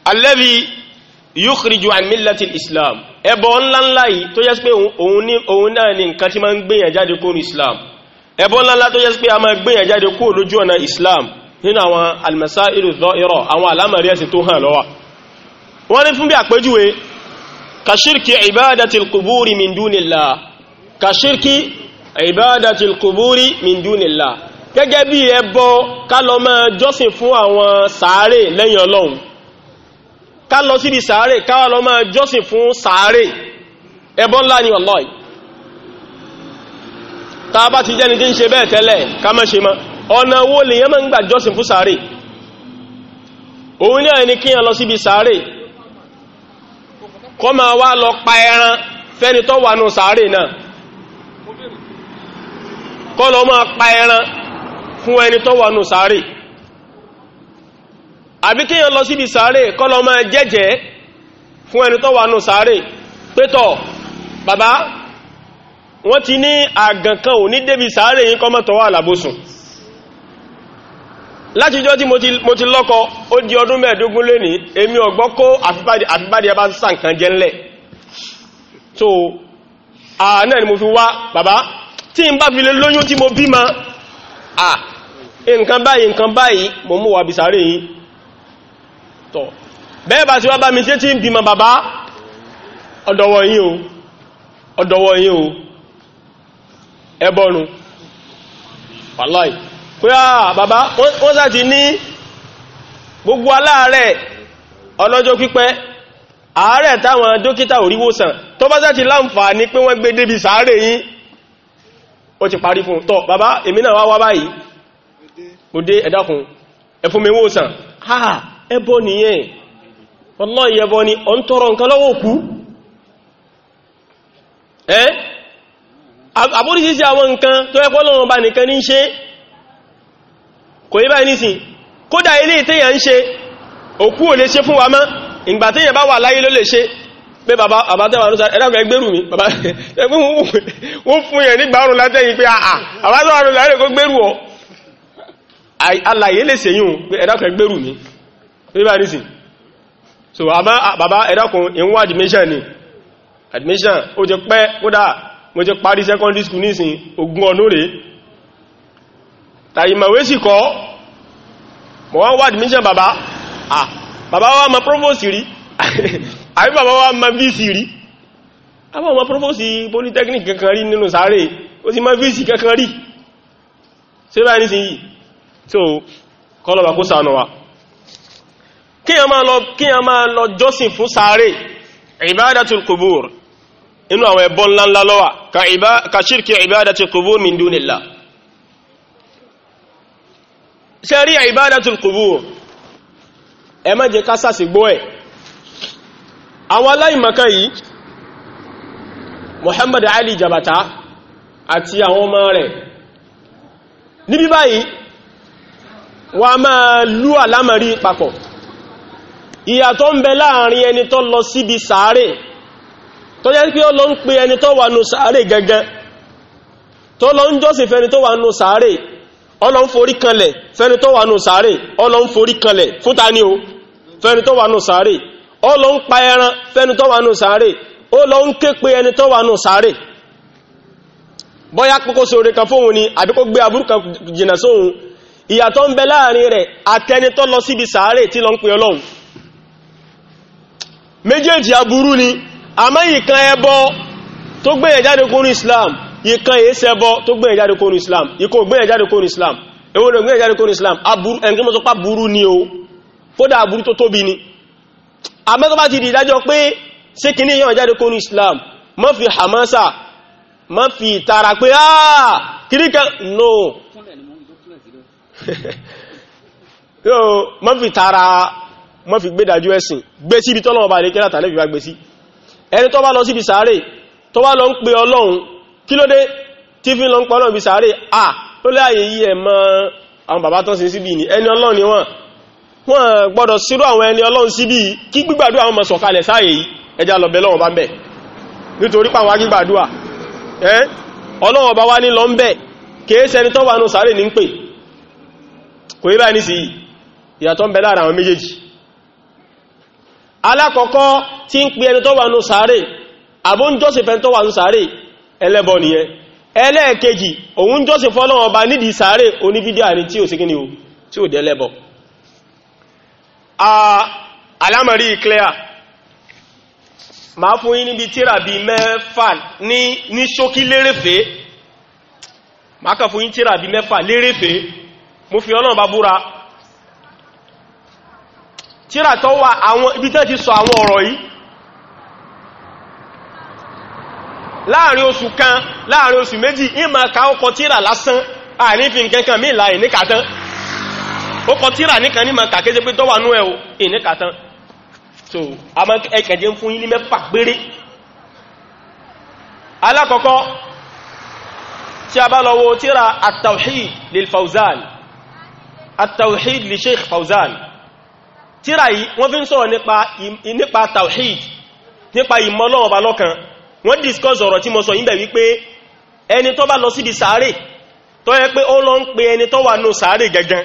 alladhi yukhriju an millati islam ẹbọ ńláńlá yìí tó yẹ́ sí pé òun náà ni nǹkan tí ma ń gbìyànjáde kó islam ẹbọ ńláńlá tó yẹ sí pé a máa gbé yẹn jáde kúrò lójú ọ̀nà islam nínú àwọn al-masā'ilu adh-dhā'ira àwọn alámàrí ẹ̀sìn tó hàn lọ́wà wọ́n ní fún bí àpéjúwe kashirki ibadati al-quburi min dunillah kashirki ibadati al-quburi min dunillah gẹ́gẹ́ bí ẹbọ ká lọ jọ́sìn fún àwọn sàárè lẹ́yìn ọlọ́run ká lọ ta bá ti jẹ́ni tí ń ṣe bẹ́ẹ̀ tẹ́lẹ̀ ká má ṣe mọ́ ọ̀nà wo lè yẹn máa ń gbà jọ́sìn fún sàárè òun ní ẹni kíyàn lọ síbi sàárè kọ́ máa wá lọ pa ẹran fẹ́ni tó wà nù sàárè náà kọ́ lọ máa pa ẹran fún ẹni tó wà nù sàárè àbí kíyàn lọ síbi sàárè kọ́ lọ máa jẹ́jẹ́ fún ẹni tó wà nù sàárè pétọ̀ bàbá wọ́n ti ní àgànkan ò ní débi sàárè yín kọmọ́ tọ́wọ́ àlàbòsùn látijọ́ tí mo ti lọ́kọ ó di ọdún mẹ́ẹ̀dógún lé ní èmi ọ̀gbọ́ kó àfibádi ẹbá ń sàǹkan jẹ́ ńlẹ̀ so àánà ni mo fi wá bàbá tí n bá fi lè lóyún tí mo bímọ à nǹkan báyìí nǹkan báyìí mo mú wà bí sàárè yín tọ̀ bẹ́ẹ̀ bá ti wá bá mi ṣe tí ń bímọ bàbá ọ̀dọ̀wọ̀ yín o ọ̀dọ̀wọ̀ yín o ẹbọrun wàláì pé àà bàbá wọ́n sáti ní gbogbo aláàrẹ̀ ọlọ́jọ́ pípẹ́ àárẹ̀ táwọn dókítà oríwòsàn tó bá sáti ní pé wọ́n gbé débi sàárè yí ó ti parí fún tọ́ bàbá èmi náà wá wá báyìí mo dé ẹ̀dàkùn ẹfúnmiwòsàn àbúrísísí àwọn nǹkan tó ẹ pé Ọlọ́run bá nìkan ní ṣe kò yí báyìí nísìn kódà ilé ìtẹ́yà ń ṣe òkú ò lè ṣe fún wa mọ́ ìgbà tẹ́yà bá wà láyé ló lè ṣe pé bàbá àbátẹ́wà mi bàbá ẹgbẹ́ wọ́n fún yẹn nígbà ọrùn látẹ́yìn pé àbátẹ́wà ló sáré kó gbẹ́rù ọ alàyé lè sèyún ẹ̀dàkùn ẹgbẹ́rù mi pé bá nísìn so bàbá ẹ̀dàkùn ìwọ́n admission ni admission ó ti mo ti parí secondary school nísìn ogún ọdún rẹ̀ tàìmọ̀wé sì kọ́ mọ̀ wọ́n wà admission bàbá ah bàbá wa ma provost rí àbí bàbá wa ma vc rí àbá ma provost polytechnic kankan rí nínú sáré ó sì ma vc kankan rí ṣe bá ní yìí so kọlọ̀bà kó sànà wa kí a máa lọ jọ́sìn fún sáré ibadatul qubur inú àwọn ẹbọ ńláńlá lọ́wà ka ṣírkì ìbádàtì kùbúr min dúnilá ṣe rí ìbádàtì kùbúr ẹ má jẹ́ ká sàsì gbọ́ ẹ̀ àwọn aláìmọ̀ká yìí Muhammad Ali Jabata àti àwọn ọmọ rẹ̀ níbí báyìí wọ́n a máa lú àlámọ̀rí papọ̀ ìyàtọ̀ ń bẹ láàrin ẹni tó lọ síbi sàárè tó yẹ́ pé ó lọ ń ẹni tó wà nù sàárè gẹ́gẹ́ tó lọ ń jọ́sìn fẹ́ni tó wà nù sàárè ọlọ ń forí kanlẹ̀ wà nù sàárè ọlọ ń forí o fẹ́ni wà nù sàárè ọlọ ń pa ẹran fẹ́ni tó wà nù sàárè ó lọ ń ké pe ẹni tó wà nù sàárè bọ́yá kókó sóore kan fóun ni àbí kó gbé aburú kan jìnà ìyàtọ̀ ń bẹ láàrin rẹ̀ àtẹni tó lọ síbi ni àmọ́ ìkan ẹbọ tó gbẹ̀yẹ̀ jáde kó ní islam ìkan èéṣẹ́ tó gbẹ̀yẹ̀ jáde kó ní islam ìkò gbẹ̀yẹ̀ jáde kó ní islam èwo ló gbẹ̀yẹ̀ jáde kó ní islam ẹnkí mọ́ tó pá burú ni o kódà burú tó tóbi ni àmọ́ ti di ìdájọ́ pé ṣé kìíní yàn jáde kó ní islam má fi hamasa má fi ìtara pé ah kìríkà no yóò má tara má fi gbé dájú ẹ̀sìn gbé sí ibi tọ́lọ́wọ́ bá rí ẹni tó bá lọ síbi sàárè tó bá lọ ń pe ọlọ́run kí ló dé tí fi lọ ń pa ọlọ́run bí sàárè à ló lé àyè yí ẹ̀ mọ́ àwọn bàbá tán sí ẹni ọlọ́run ni wọ́n wọ́n gbọ́dọ̀ àwọn ẹni ọlọ́run síbi kí gbígbàdúrà mọ̀ sọ̀kalẹ̀ sáàyè yìí lọ yí alákọ̀ọ́kọ́ tí ń pè ẹni tó wà ní sàárè àbó ń jọ́sìn fẹ́ tó wà ní sàárè ẹlẹ́bọ nìyẹn ẹlẹ́ẹ̀kejì òun jọ́sìn fọ́lọ́wọ́ ọba nídìí sàárè oníbídíà ni tí ò sí kíni o tí ò dẹ́lẹ́bọ ah, alámọ̀rí clear máa fún yín níbi tíra bíi mẹ́fà ní ní ṣókí lérèfé máa kà fún yín tíra bíi mẹ́fà lérèfé mo fi Ọlọ́run bá búra tíra tó wà àwọn ibi tẹ́ ti sọ àwọn ọ̀rọ̀ yìí láàrin oṣù kan láàrin oṣù méjì ìmọ̀ ká ọkọ̀ tíra lásán àìnífin kankan mí ìlà ìníkàtán ọkọ̀ tíra nìkan ní mọ̀ká kéje pé tọ́wà nú ẹ̀ o ìníkàtán so a mọ́ ẹkẹ̀jẹ́ fún yín ní mẹ́fà gbére alákọ̀ọ́kọ́ tí a tíra yìí wọ́n fi ń sọ̀rọ̀ nípa tawhid nípa ìmọ̀ Ọlọ́run Ọba lọ́kan wọ́n discuss ọ̀rọ̀ tí mo sọ yínbẹ̀ wípé ẹni tó bá lọ síbi sàárè tó yẹ pé ó lọ ń pe ẹni tó wà nù sàárè gẹ́gẹ́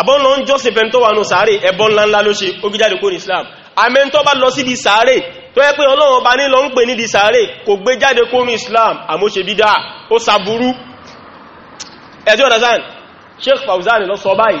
àbọ́n lọ ń jọ́sìn fẹ́ tó wà nù sàárè ẹbọ ńláńlá ló ṣe ó gíjáde kó ní Islam àmẹ́ tó bá lọ síbi sàárè tó yẹ pé Ọlọ́run Ọba ní lọ ń pè nídi sàárè kò gbé jáde kó Islam àmóṣe bídá ó sàbúrú ẹjọ́ ọ̀dásán Sheikh Fawzan lọ sọ báyìí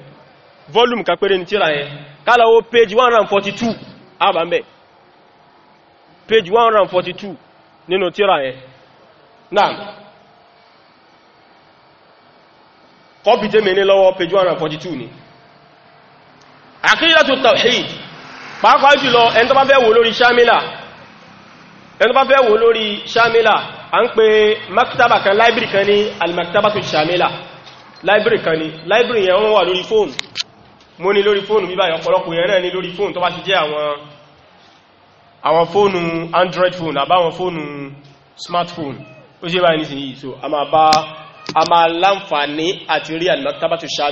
volume kan péré ní tíra yẹn kálọ̀wọ́ page 142 àbàmbẹ̀ page 142 nínú tíra yẹn náà kọ́pì tẹ́ mẹ́ ní lọ́wọ́ page 142 ni àkíyàtò tawhid pàápàá jùlọ ẹni tó bá fẹ́ wò lórí shamila ẹni tó bá fẹ́ wò lórí shamila a ń pè maktaba kan library kan ní al-maktabatu shamila library kan ní library yẹn wọ́n wà lórí fóònù mo ní lórí fóònù bíbá ọ̀pọ̀lọpọ̀ yẹn náà ní lórí fóònù tó bá ti jẹ́ àwọn fóònù android phone àbáwọn fóònù smartphone ó ṣe báyìí nísìnyí so a máa bá a máa láǹfààní àti rí al-maktabatu so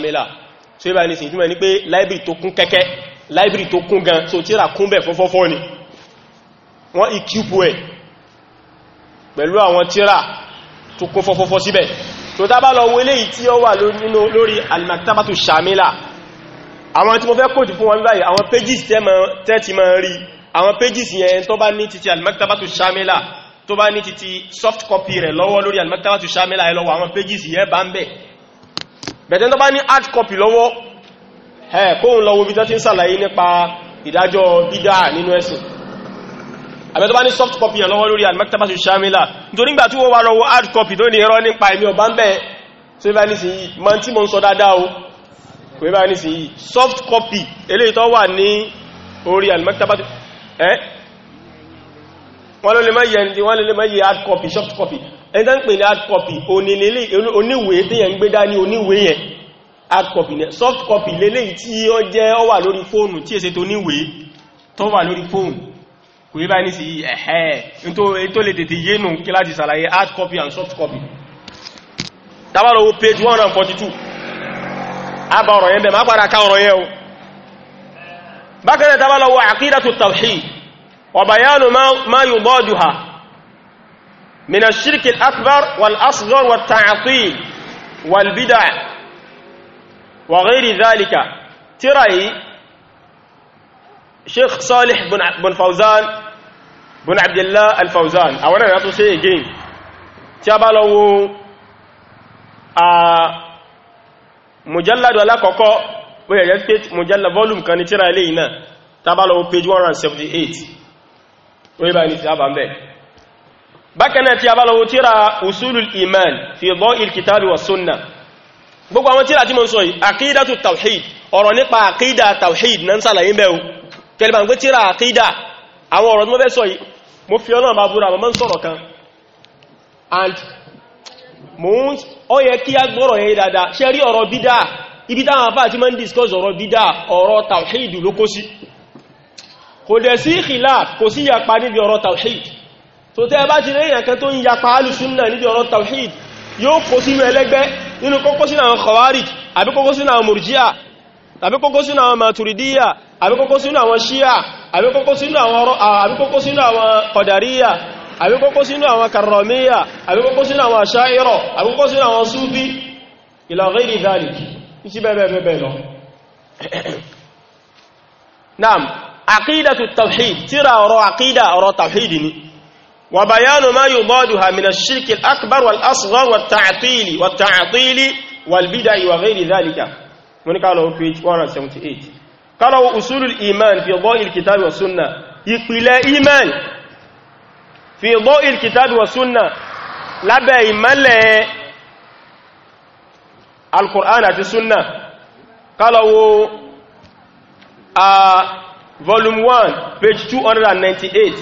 ṣe báyìí nísìnyí túnmọ̀ ní pé library tó kún kẹ́kẹ́ library tó kún gan so tíra kún bẹ̀ fọ́fọ́fọ́ ni wọ́n ìkíùpù ẹ̀ pẹ̀lú àwọn tíra tó kún fọ́fọ́fọ́ síbẹ̀ so tá bá lọ àwọn tí mo fẹ́ kóòtù fún wọn báyìí àwọn pages tẹ́tì máa rí àwọn pages yẹn tó bá ní títí al shamila tó bá ní títí soft copy rẹ̀ lọ́wọ́ lórí al-maktabatu shamila ẹ lọ́wọ́ àwọn pages yẹn bá ń bẹ̀ bẹ̀tẹ́ tó bá ní hard copy lọ́wọ́ ẹ kóhun lọ́wọ́ bí tó ti ń sàlàyé nípa ìdájọ́ bídá nínú ẹ̀sìn àbẹ́ tó bá ní soft copy yẹn lọ́wọ́ lórí al-maktabatu shamila nítorí gbà tí wọ́n wá lọ́wọ́ hard copy tó ní ẹ̀rọ nípa ẹ̀mí ọ̀bá ń bẹ̀ tó bá ní sí mọ́ tí mo ń sọ dáadáa o kò yẹ bá ní sí yìí soft copy eléyìí tó wà ní orí alimaktabatu ẹ́ wọ́n ló lè má yẹ ní wọ́n lè má yẹ hard copy soft copy ẹni tó ń pè ní hard copy onílélé oníwèé tí yẹn ń gbé dání oníwèé yẹn hard copy ní soft copy lélé tí ó jẹ́ ó wà lórí fóònù tí èsè tó níwèé tó wà lórí fóònù kò yẹ bá ní sí yìí ẹ̀ẹ́ tó copy and soft copy tabaro page 142 àbá ọ̀rọ̀ yẹn bẹ̀ má padà ká ọ̀rọ̀ yẹn o bákan náà tábà lọ wọ àkídàtù tawhid wa bayanu ma yudaduha min ash-shirk al-akbar wal-asghar wat-ta'til wal-bid'ah wa ghayri dhalika tírà yìí sheikh salih bin fawzan bin abdullah al-fawzan àwọn ẹ̀rẹ́ tó ṣe again tí lọ wo a ah, mujalladu alákọ̀ọ́kọ́ ó yẹ̀ jẹ́ pé mujalladu volume kan ní tíra ilé iná tábàlọ́wọ́ page 178 ó yẹ́ bá ní ti àbá ń bẹ̀ bákanáà tí abálọ́wọ́ tíra usulul iman fi dha'il kitabi wa sunna gbogbo àwọn tíra tí mo ń sọ yìí àkídàtu tawhid ọ̀rọ̀ nípa àkídà tawhid na ń sàlàyé bẹ́ o kẹlìbà ń pé tíra àkídà àwọn ọ̀rọ̀ tí mo fẹ́ sọ yìí mo fi ọlọ́run bá búra and mo ó yẹ kí a gbọ́rọ̀ yẹn dáadáa ṣe rí ọ̀rọ̀ bídá ibi táwọn àfáà ti máa ń discuss ọ̀rọ̀ bídá ọ̀rọ̀ tawhid ló kó sí kò dẹ̀ sí khilaf kò sí yapa níbi ọ̀rọ̀ tawhid tó tẹ́ bá ti lẹ́yìn maturidiya àbí kókó sínú àwọn shia àbí kókó sínú àbí kókó sínú àwọn karramiyya àbí kókó sínú àwọn asha'ira àbí kókó sínú àwọn sufi ila ghairi dhalik isi bẹ́ẹ̀bẹ́ẹ̀bẹ́ẹ̀ lọ naam aqidatu tawhid tírà ọ̀rọ̀ aqida ọ̀rọ̀ tawhid ni wa bayanu ma yudaduha min ash-shirk al-akbar wal-asghar wat-ta'til wat-ta'til wal-bid'i wa ghairi dhalika monika lọ page 178 kalawo usulul iman fi dhawil kitabi wa sunna ìpìlẹ̀ iman fi dhaw'il kitabi wa súnà lábẹ́ ìmọ́lẹ̀ al-Qur'an àti súnà kálọ̀wó a volume 1 page 298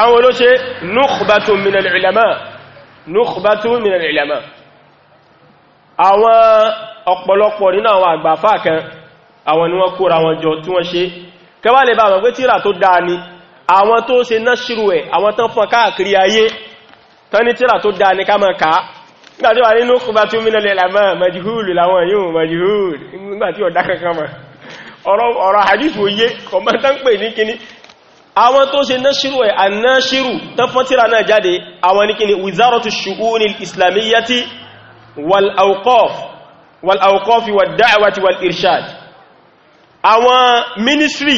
àwọn olóṣe nukhbatun min al-ulama nukhbatun min al-ulama àwọn ọ̀pọ̀lọpọ̀ nínú àwọn àgbàfà kan àwọn ni wọ́n kóra wọn jọ tí wọ́n ṣe kẹwàá lè bá àwọn pé tó dáa ni àwọn tó ṣe náṣírù ẹ̀ àwọn tán fọn káàkiri ayé tán ní tíra tó dáa ní ká máa kàá nígbàtí wà nínú kùbàtí omi lẹ́lẹ̀ àmà majihúlù láwọn yóò majihúlù nígbàtí ọ̀dá kankan ma ọ̀rọ̀ hadithu yé kọmọ́tán pè ní kíní àwọn tó ṣe náṣírù ẹ̀ ànáṣírù tán fọ́n tíra náà jáde àwọn irshad àwọn ministry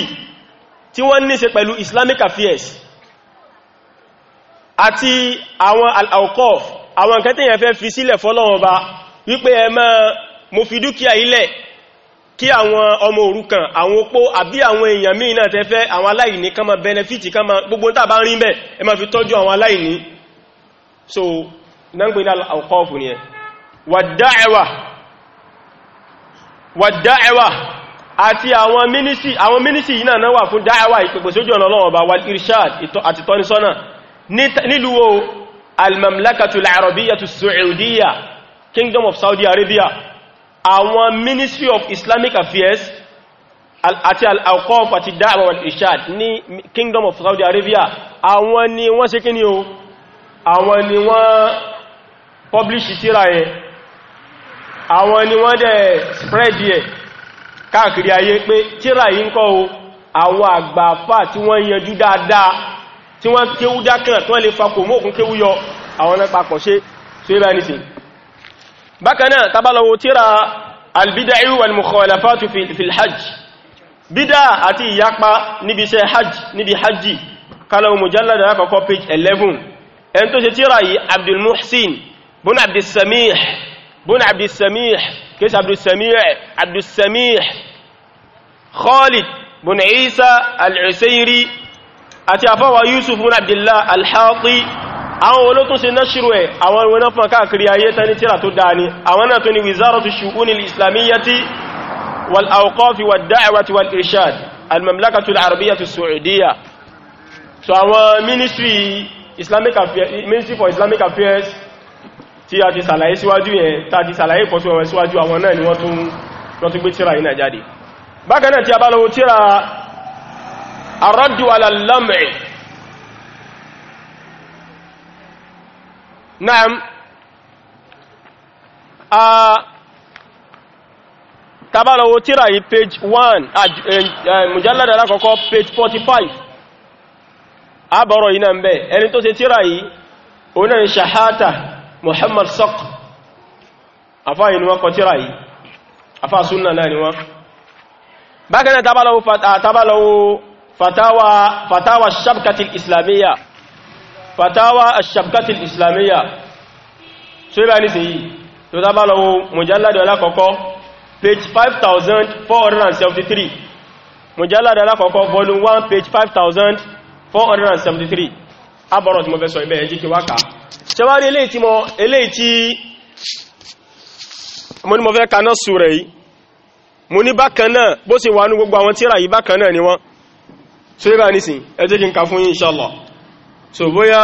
tí wọ́n ní ṣe pẹ̀lú islamic affairs àti àwọn al-awqaf àwọn nǹkan tí yẹn fẹ́ fi sílẹ̀ fọ́lọ́wọ́n bá wípé ẹ máa mo fi dúkìá ilẹ̀ kí àwọn ọmọ òrukàn àwọn opó àbí àwọn èèyàn míì náà tẹ́fẹ́ àwọn aláìní ká benefit ká gbogbo tàà bá rí bẹ́ ẹ máa fi tọ́jú àwọn aláìní so náà gbé ní al-awqaf nìyẹn wad àti àwọn mínísì àwọn mínísì yìí náà wà fún dáẹwà ìpẹ̀pẹ̀ sójú ọ̀nà Ọlọ́run Ọba wal irshad àti tọ́nisọ́nà nílùú al-mamlakatu al-arabiyyatu as-saudiya kingdom of saudi arabia àwọn ministry of islamic affairs àti al-awqaf àti dáẹwà wal irishad ní kingdom of saudi arabia àwọn ni wọ́n ṣe kíni o àwọn ni wọ́n publish tírà yẹn àwọn ni wọ́n dẹ̀ spread yẹn káàkiri ayé pé tíra yìí ń kọ́ o àwọn àgbàfà tí wọ́n yanjú dáadáa tí wọ́n kéwú dákàn tí wọ́n lè fakò mọ́kún kéwú yọ àwọn náà papọ̀ ṣe ṣe bá ní sí bákan náà tabalawo tíra albidaihu wal mukhalafatu fil hajj bídá àti ìyapa níbi iṣẹ́ hajj níbi hajj kalawo mujallad kéṣe abdulsami'e abdulsami'e khalid bin isa al-usairi àti àfáwà yusuf bin abdullah al-haqi àwọn olótún ṣe náà ṣírò ẹ̀ àwọn ìwọ̀n fún káàkiri ayé tani tíra tó dáa ni àwọn المملكة العربية السعودية wizaratu so àwọn ministry islamic affairs ministry for islamic affairs tí a ti sàlàyé síwájú yẹn tá a ti sàlàyé pọ̀síwọ̀wẹ̀ síwájú àwọn náà ni wọ́n tún gbé tíra yìí náà jáde bákan náà tí a bá lọ́wọ́ tíra ar-raddu ala al-lam'i naam a tabalawo tíra yìí page 1 eh, eh, mujallada lákọ̀ọ́kọ́ page 45 a bọ̀rọ̀ yìí náà ń bẹ ẹni tó ṣe tíra yìí onáà ń ṣàhátà Muhammad Saq afá yìí ni wọ́n kọtíra yìí afá súnnà náà ni wọ́n bákan náà tábàlọ́wọ́ fatawa fatawa shabkatil islamiyya fatawa shabkatil islamiyya tó yíba ní sí yìí tó tábàlọ́wọ́ mujalladu alákọ̀ọ́kọ́ page 5473 mujalladu alákọ̀ọ́kọ́ volume 1 page 5473 abọ̀rọ̀ tí mo fẹ́ sọ ibẹ̀ ẹjí kí wákàá ṣẹwárí eléyìí tí mo eléyìí tí mo ní mo fẹ́ kaná sù rẹ̀ yìí mo ní bákan náà bó ṣe wà ní gbogbo àwọn tíra yìí bákan náà ni wọ́n so yíba nísìn ẹ jẹ́ kí n ka fún yín inshallah so bóyá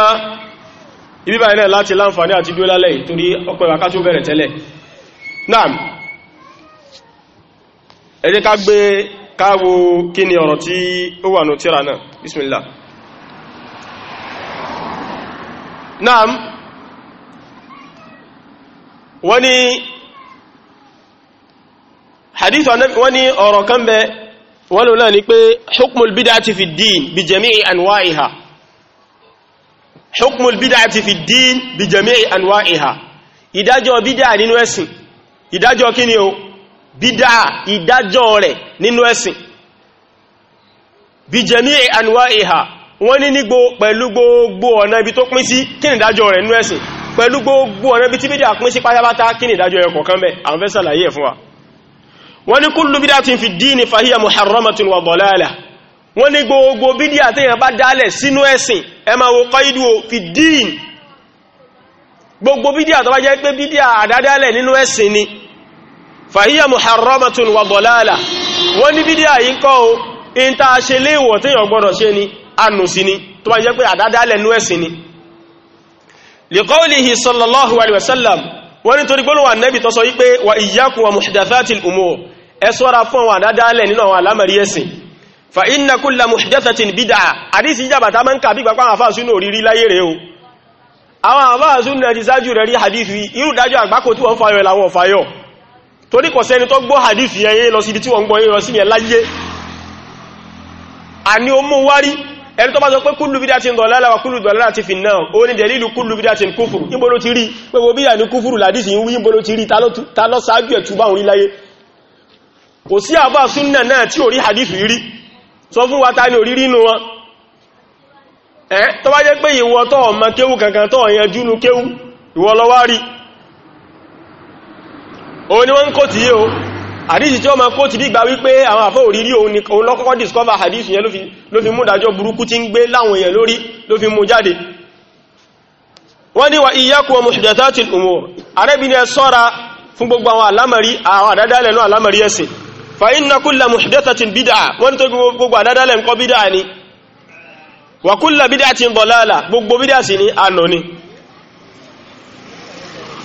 ibi báyìí náà láti láǹfààní àti dúró lálẹ́ yìí torí ọpẹ́ wa ká tó bẹ̀rẹ̀ tẹ́lẹ̀ bismillah naam wọ́n ni hadith wọ́n ni ọ̀rọ̀ kan bẹ wọ́n lò náà ni pé hukmul bid'ati fi ddin bi jami'i anwa'iha hukmul bid'ati fi ddin bi jami'i anwa'iha ìdájọ́ bídá nínú ẹ̀sìn ìdájọ́ kí ni o bídá ìdájọ́ rẹ̀ nínú ẹ̀sìn bi jami'i anwa'iha wọ́n ni nígbò pẹ̀lú gbogbo ọ̀nà ibi tó pín sí kí ni ìdájọ́ rẹ̀ nínú ẹ̀sìn pẹ̀lú gbogbo ọ̀nà bí tí bídíà pín sí pátápátá kí ni ìdájọ́ ẹ̀kọ̀ kan bẹ́ àwọn fẹ́ sàlàyé ẹ̀ fún wa wọ́n ní kúlù bídíà ti fi díìnì fàhíyà muharramatun wà dalalah wọ́n ní gbogbo bídíà tí yẹn bá dálẹ̀ sínú ẹ̀sìn ẹ máa wo kọ́ìdù fi díìn gbogbo bídíà tó bá jẹ́ pé àdádálẹ̀ ní ẹ̀sìn ni liqawlihi sallallahu alaihi wasallam wọ́n ní torí gbọ́lọ̀wà nẹ́bì tó sọ wípé wa iyyakum wa muhdathatil umur ẹ ṣọ́ra fún àwọn àdádálẹ̀ nínú àwọn alámàrí ẹ̀sìn fa inna kulla muhdathatin bid'a àdísí ìjàbàtà mọ́ ń kà bí gbapá àwọn afáàsún ní orírí láyé rẹ̀ o àwọn afáàsún náà ti sáájú rẹ̀ rí ẹni tó bá sọ pé kúlù bídá ti ń dọ̀lá wà kúlù dọ̀lá ti fi náà ó ní dẹ̀lílù kúlù bídá ti ń kúfùrù níbo ló ti rí pẹ̀wọ̀ bídá ní kúfùrù làdísì ń wí níbo ló ti rí ta lọ sáájú ẹ̀ túbá orí láyé kò sí àbá súnnà náà tí orí hadith rí sọ fún wa ta ni orí rínú wọn ẹ tó bá jẹ́ pé ìwọ tó ọmọ kéwú kankan tó ọ̀yanjú nu kéwú ìwọ lọ wá rí òun ni wọ́n ń kò tí yé o àdísì tí ó ma kó ti bí gba wípé àwọn àfẹ́ òrírí òun ni òun lọ́kọ́kọ́ discover àdísì yẹn ló fi mú dájọ́ burúkú tí ń gbé láwọn èèyàn lórí ló fi mú jáde wọ́n wa iyyakum wa muhdathatil umur arẹ́bìnrin ẹ sọ́ra fún gbogbo àwọn alámàrí àwọn àdádálẹ̀ náà alámàrí fa inna kulla muhdathatin bid'a wọ́n tó gbogbo àdádálẹ̀ nǹkan bídà ni wa kulla bid'atin dalala gbogbo bídà sí ni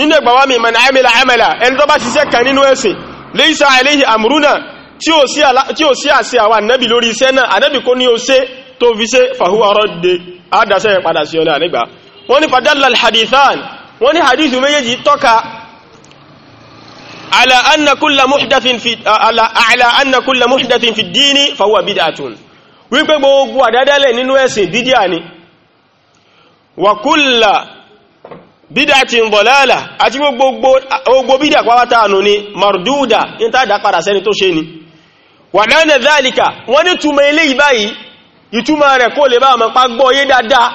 nínú ẹgbàwà mi man amila amala ẹni tó bá ṣiṣẹ́ kan nínú ẹ̀sìn laysa alayhi amruna tí ó sí àṣẹ àwọn ànábì lórí iṣẹ́ náà ànábì kò ní ó ṣe tó fi ṣe fahuwa radde àdásẹ́ padà sí ọlá nígbà wọ́n hadithu méjèèjì tọ́ka ala anna kulla muhdathin fi ala anna kulla muhdathin fi dini fahuwa bid'atun wípé gbogbo àdádálẹ̀ nínú ẹ̀sìn bídíà ni wa kulla bídá ti ń bọ̀lẹ́lá àti gbogbo bídá pàwátà ànú ni mardúdà ní tàdà padà sẹ́ni tó ṣe ni wà mẹ́rin zálìkà wọ́n ní túnmọ̀ ilé ìbáyìí ìtumọ̀ rẹ̀ kó lè bá ọmọ pàgbọ́ yé dáadáa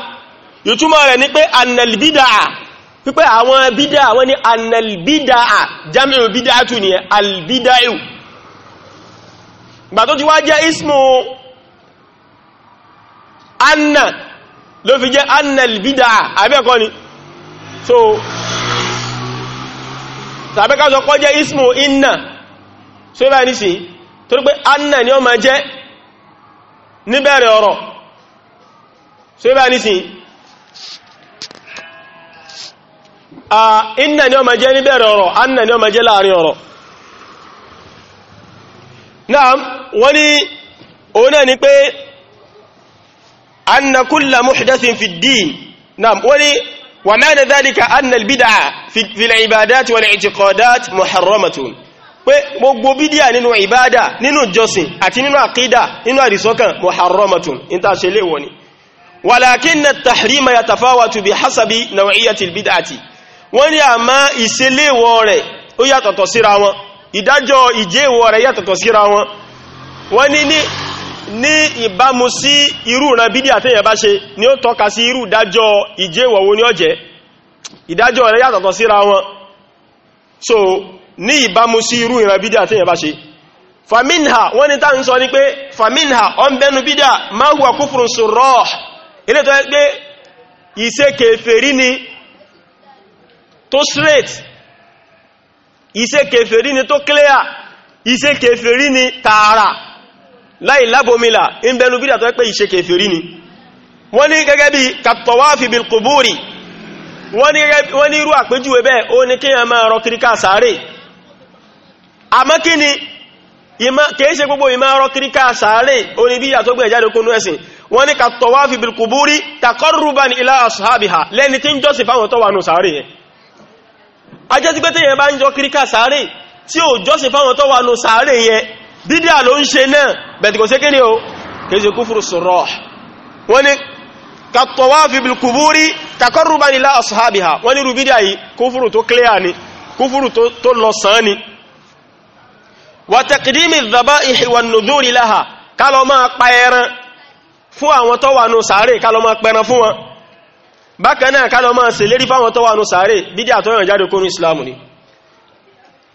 ìtumọ̀ rẹ̀ ní pé annalbídá pípẹ́ àwọn bídá wọ́n ní annalbídá jami'u bídá tù ní ló fi jẹ́ annalbídá àbẹ́kọ́ ni so tàbí ká sọ kọ́ jẹ́ ismu inna so ibá ní sí torí pé anna ni ó ma jẹ́ níbẹ̀rẹ̀ ọ̀rọ̀ so ibá ní sí inna ni ó ma jẹ́ níbẹ̀rẹ̀ ọ̀rọ̀ anna ni ó ma jẹ́ láàrin ọ̀rọ̀ náà wọ́n ni òun náà ni pé anna kulla muhdathin fi ddin náà wọ́n ni ومعنى ذلك أن البدعة في العبادات والاعتقادات محرمة pé gbogbo bídíà nínú ìbádà nínú jọsìn àti nínú àkídà nínú àdìsọ́kàn muharramatun in ta ṣe léwọ ni walakinna ní ìbámu sí irú ìran bídí àtẹ́yàn bá ṣe ni ó tọ́ka sí irú ìdájọ́ ìjẹ́wọ̀wó ní ọ̀jẹ́ ìdájọ́ rẹ̀ yàtọ̀tọ̀ síra wọn so ní ìbámu sí irú ìran bídí àtẹ́yàn bá ṣe faminha wọ́n ni táà ń sọ ní pé faminha ọ́n bẹnu bídá máa wà kúfùrún sọ̀rọ̀ ilé tó ise ìṣe ni tó straight ise kèfèrí ni tó clear ise kèfèrí ni tààrà láì lábòmílà ń bẹnu bídà tó pé ìṣe kèfèrí ni wọ́n ní gẹ́gẹ́ bí kàtọ̀wáfì bil quburi wọ́n ní irú àpéjúwe bẹ́ẹ̀ ó ní kí a máa rọ kiri ká sàárè àmọ́ kí ni kìí ṣe gbogbo ìmá rọ kiri ká sàárè ó ní bídà tó gbé jáde kónú ẹ̀sìn wọ́n ní kàtọ̀wáfì bil quburi taqarruban ila ashabiha lẹ́ni ajẹ́ ti pé tí yẹn bá ń jọ kiri ká tí ò jọ́sìn fáwọn tó wà nù yẹn bídíà ló ń ṣe náà bẹ̀tì kò sí kí ni o kì í ṣe kúfùrù sọ̀rọ̀ wọ́n ni kàtọ̀wáfì bilkubúrí takọ́rùbá nílá ọ̀sọ̀hábìhà wọ́n ni rubídíà yìí kúfùrù tó clear ni kúfùrù tó lọ sàn ni wà tẹ̀kìdímì zaba ìhìwàn nùdúrí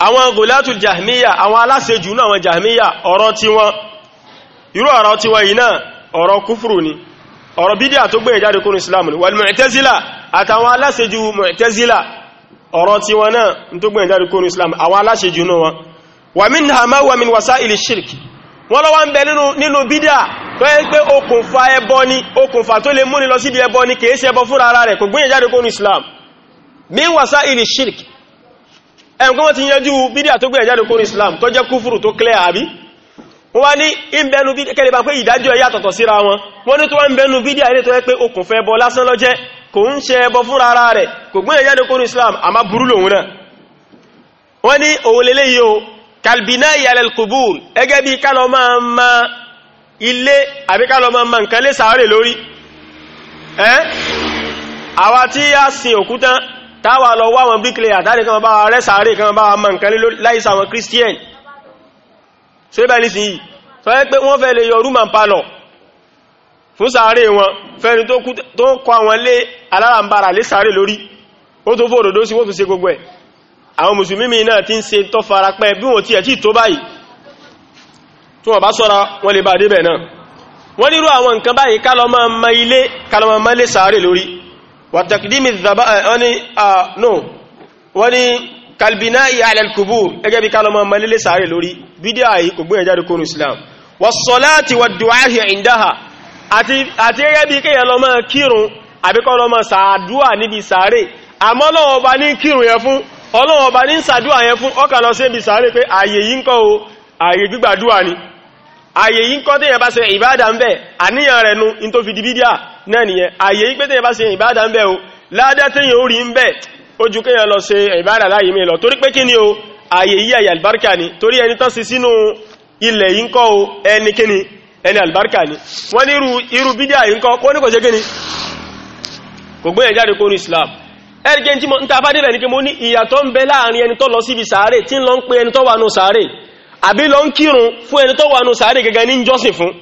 àwọn gùlátù jahmiya àwọn aláṣejù náà wọn jahmiya ọ̀rọ̀ tí wọ́n irú ọ̀rọ̀ tí wọ́n yìí náà ọ̀rọ̀ kúfùrù ni ọ̀rọ̀ bídíà tó gbẹ̀yẹ̀ jáde kúrò islam ni wal mu'tazila àtàwọn aláṣejù mu'tazila ọ̀rọ̀ tí wọ́n náà tó gbẹ̀yẹ̀ jáde kúrò islam àwọn aláṣejù náà wọn wà mí hàmá wà mí wàsá ilẹ̀ ṣírkì wọ́n lọ́wọ́ ń bẹ nínú bídíà tó ẹ̀mùkú wọ́n ti yanjú bídíà tó gbé ẹ̀jáde kó islam tó jẹ́ kúfùrù tó clear àbí wọ́n ní ìbẹnu bídíà kẹ́lẹ̀ bá pé ìdájọ́ ẹ̀yà tọ̀tọ̀ síra wọn wọ́n ní tó wọ́n ń bẹnu bídíà ilé tó yẹ pé okùn fẹ́ bọ lásán lọ́jẹ́ kò ń ṣe ẹbọ fúnra ara rẹ̀ kò gbé ẹ̀jáde kó islam àmá burú lòun náà wọ́n ní òun lélẹ́ yìí o kalbina yalẹ̀ kubur ẹgẹ́ bí kálọ̀ máa ma ilé àbí kálọ̀ máa ma nǹkan lé sàárè lórí ẹ́ àwa tí a sin táwà lọ wá wọn bíkìlẹ̀ àtàrí kan bá rẹ̀ sàárè kan bá ma nǹkan láìsà wọn christian so ibẹ̀ ní sí yìí tó yẹ pé wọ́n fẹ́ lè yọ rúmà palọ̀ fún sàárè wọn fẹ́ni tó kọ àwọn lé alárànbarà lé sàárè lórí ó tó fòròdó sí wọ́n tún ṣe gbogbo ẹ̀ àwọn mùsùlùmí náà ti ń ṣe tó fara pẹ́ bí wọ́n ti ẹ̀ tí tó báyìí tí wọ́n bá sọ́ra wọ́n lè bá débẹ̀ náà wọ́n nírú àwọn nǹkan báyìí kálọ́mọ́ ilé wàtàkìdìmì zaba ẹni a no wọ́n ni kalbina ìyàlẹ̀ kubur ẹgẹ́ bí kálọ́mọ malilé sáré lórí bídíà yìí kò gbé ẹjáde kónú islam wàsọ́láti wà dùwáhì ìndáha àti ẹgẹ́ bí kéèyàn lọ máa kírun àbíkọ́ lọ máa sàdúà níbi sáré àmọ́ Ọlọ́hun Ọba ní kírun yẹn fún Ọlọ́hun Ọba ní sàdúà yẹn fún ọkà lọ sí ibi sáré náà nìyẹn àyè yí pé tẹ́yìn bá ṣe ìbádà ń bẹ̀ o ládá tẹ́yìn ó rí ń bẹ̀ ó ju kéèyàn lọ ṣe ìbádà láyé mi lọ torí pé kí ni o àyè yí àyè àlùbáríkà ni torí ẹni tán sí sínú ilẹ̀ yìí ń o ẹni kí ni ẹni àlùbáríkà ni wọ́n ní irú bídíà yìí ń kọ́ kó ní kò ṣe kí ni kò gbé yẹn jáde kó ní Islam ẹ̀rìkẹ́ àbí lọ ń kírun fún ẹni tó wà nù sàárè gẹ́gẹ́ ní jọ́sìn fún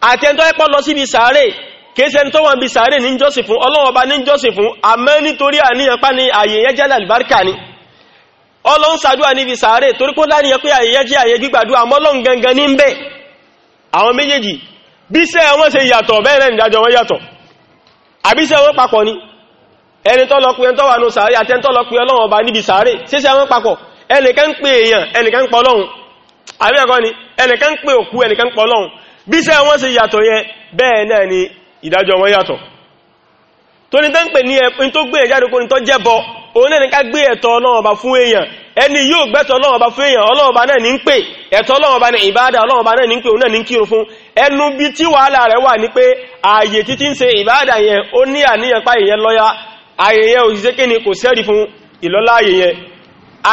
àti ẹni tó ẹpọ́ lọ síbi sàárè kéèsẹ́ ní tó wọ́n bí sàárè ní jọ́sìn fún Ọlọ́run Ọba ní jọ́sìn fún àmọ́ nítorí àníyàn pa ní àyè yẹn ni Ọlọ́run ṣàdúrà níbi sàárè torí kó láníyàn pé àyè yẹn jẹ́ àyè gbígbàdúrà àmọ́ Ọlọ́run gangan ní ń bẹ̀ àwọn méjèèjì bí iṣẹ́ wọn ṣe yàtọ̀ bẹ́ẹ̀ náà ìdájọ́ wọn yàtọ̀ àbí iṣẹ́ wọn papọ̀ ni ẹni tó lọ pe ẹni tó wà nù sàárè àti ẹni tó lọ pe Ọlọ́run Ọba níbi sàárè ni bí iṣẹ́ wọn ṣe yàtọ̀ yẹ bẹ́ẹ̀ náà ni ìdájọ́ wọn yàtọ̀ tó ní tẹ́ǹpẹ̀ ní ẹ̀pin tó gbé ẹ̀jáde kó ní tó jẹ́bọ òun náà ní ká gbé ẹ̀tọ́ Ọlọ́run Ọba fún èèyàn ẹni yóò gbẹ́tọ̀ Ọlọ́run Ọba fún èèyàn Ọlọ́run Ọba náà ní ń pè ẹ̀tọ́ Ọlọ́run Ọba ní ìbáadà Ọlọ́run Ọba náà ní ń pè òun ní kírun fún ẹnu bí tí wàhálà rẹ̀ wà ní pé ààyè títí ń ṣe ìbáadà yẹn ó ní àníyàn pa èèyàn lọ́yà ààyè òṣìṣẹ́ kí ni kò sẹ́rì fún ìlọ́lá ààyè yẹn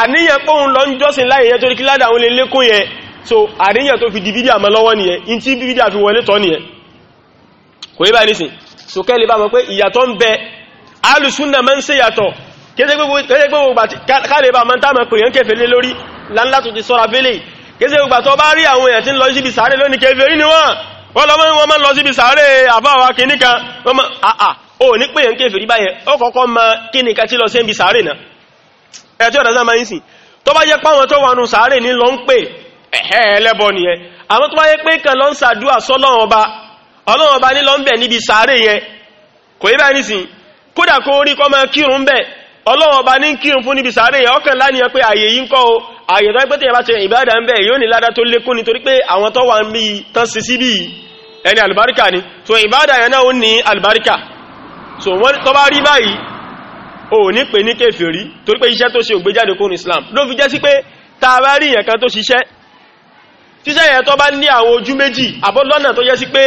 àníyàn pé òun lọ ń jọ́sìn láàyè yẹn torí kí ládàá òun lè lékún yẹn so àníyàn tó fi di fídíà mọ́ lọ́wọ́ nìyẹn in tí fídíà fi wọlé tọ́ nìyẹn kò yí báyìí nísìn so kẹ́lẹ̀ bá mọ̀ pé ìyàtọ̀ ń bẹ alùsúnnà máa ń ṣe yàtọ̀ kéde gbogbo kálẹ̀ bá máa ń táàmà pè yán kẹfẹ́ lé lórí láńlá tó ti bá rí ni wọ́n wọ́n lọ wọ́n máa ń lọ síbi sàárè àbáwa kìníkan wọ́n máa àà ò ní pè yán kẹfẹ́ rí báyẹn ó kọ́kọ́ ma kíníkan tí lọ sí ibi sàárè náà ẹ̀ tí ọ̀dá sáà máa ń sìn tó bá jẹ́ páwọn tó wà nù sàárè ní lọ ń pè ẹ̀hẹ́ ẹlẹ́bọ nìyẹn àwọn tó bá jẹ́ pé kan lọ ń sàdúà sọ́lọ́run ọba ọlọ́run ọba nílọ ń bẹ̀ níbi sàárè yẹn kò yí bá nísìn kódà kó rí kọ́ máa kírun bẹ̀ ọlọ́run ọba ní kírun fún níbi sàárè yẹn ọkàn lánìyàn pé àyè yìí ń kọ́ o àyè tó pé tèèyàn bá ti rìn ìbáradà ń bẹ̀ yóò ní ládá tó lékún nítorí ni so ìbáradà yẹn náà ó ní so wọ́n tó bá rí báyìí ò ní pè ní kèfèrí torí pé iṣẹ́ tó Islam ló fi jẹ́ sí pé tá a bá rí yẹn kan tó ṣiṣẹ́ ṣiṣẹ́ yẹn tó pé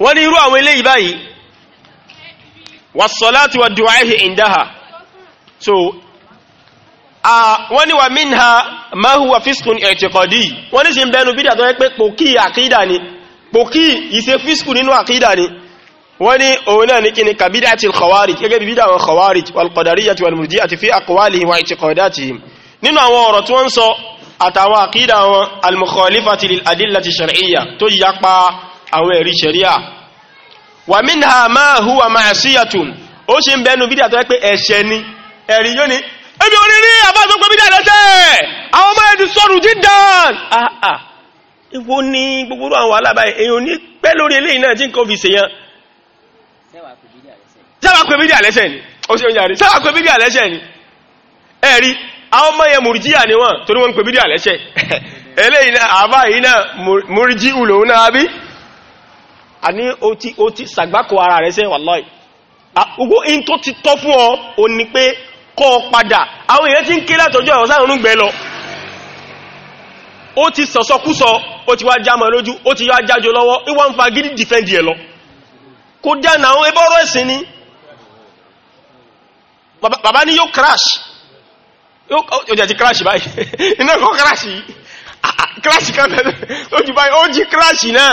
wọ́n ní irú àwọn eléyìí báyìí wàsọ̀láti wà dùwáìhì ìndáha so wọ́n ní wà mínha mahuwa fiskun ẹ̀tẹ̀kọ̀dí wọ́n ní sí ń bẹnu bídà tó yẹ pé pòkí àkídà ni pòkí ìṣe fiskun nínú àkídà ni wọ́n ní òun náà ní kíni kàbídà ti khawarij gẹ́gẹ́ bí bídà àwọn khawarij walqadariyya àti walmurji àwọn ẹ̀rí ṣẹ̀ríà wà minha ma huwa ma'siyatun ó ṣe ń bẹnu bídíà tó yẹ pé ẹ̀ṣẹ̀ ni ẹ̀rí yóò ní ẹbí onírí àbáṣọpọ̀ bídíà lẹ́sẹ̀ àwọn ọmọ ẹ̀dùn sọ̀rọ̀ dídán àà ìwọ ní gbogbo àwọn alábàáyé èèyàn ní pẹ́ lórí eléyìí náà tí nǹkan fi ṣèyàn sáwà pé bídíà lẹ́sẹ̀ ni ó ṣe oúnjẹ àrí sáwà pé bídíà lẹ́sẹ̀ ọmọ yẹn mùrìjíyà ni wọ́n torí wọ́n ń pè bídíà lẹ́sẹ̀ eléyìí náà àbá náà mùrìjí ulòun náà bí àní o ti o ti sàgbákò ara rẹ̀ sẹ́yìn wàláì ugbó in tó ti tọ́ fún ọ o ní pé kọ́ ọ padà àwọn èèyàn ti ń ké látọjọ́ ẹ̀wọ̀n sáà ń gbẹ lọ ó ti sọ̀sọ́kúsọ ó ti wá jámọ̀ lójú ó ti yá jájọ lọ́wọ́ ìwà ń fa gidi dìfẹ́ndì ẹ̀ lọ kò dáná àwọn ẹbọ́ ọ̀rọ̀ ẹ̀sìn ni bàbá ní yóò crash yóò jẹ́ ti crash báyìí iná kọ́ crash yìí ah, ah, crash kan lójú báyìí ó ti crash náà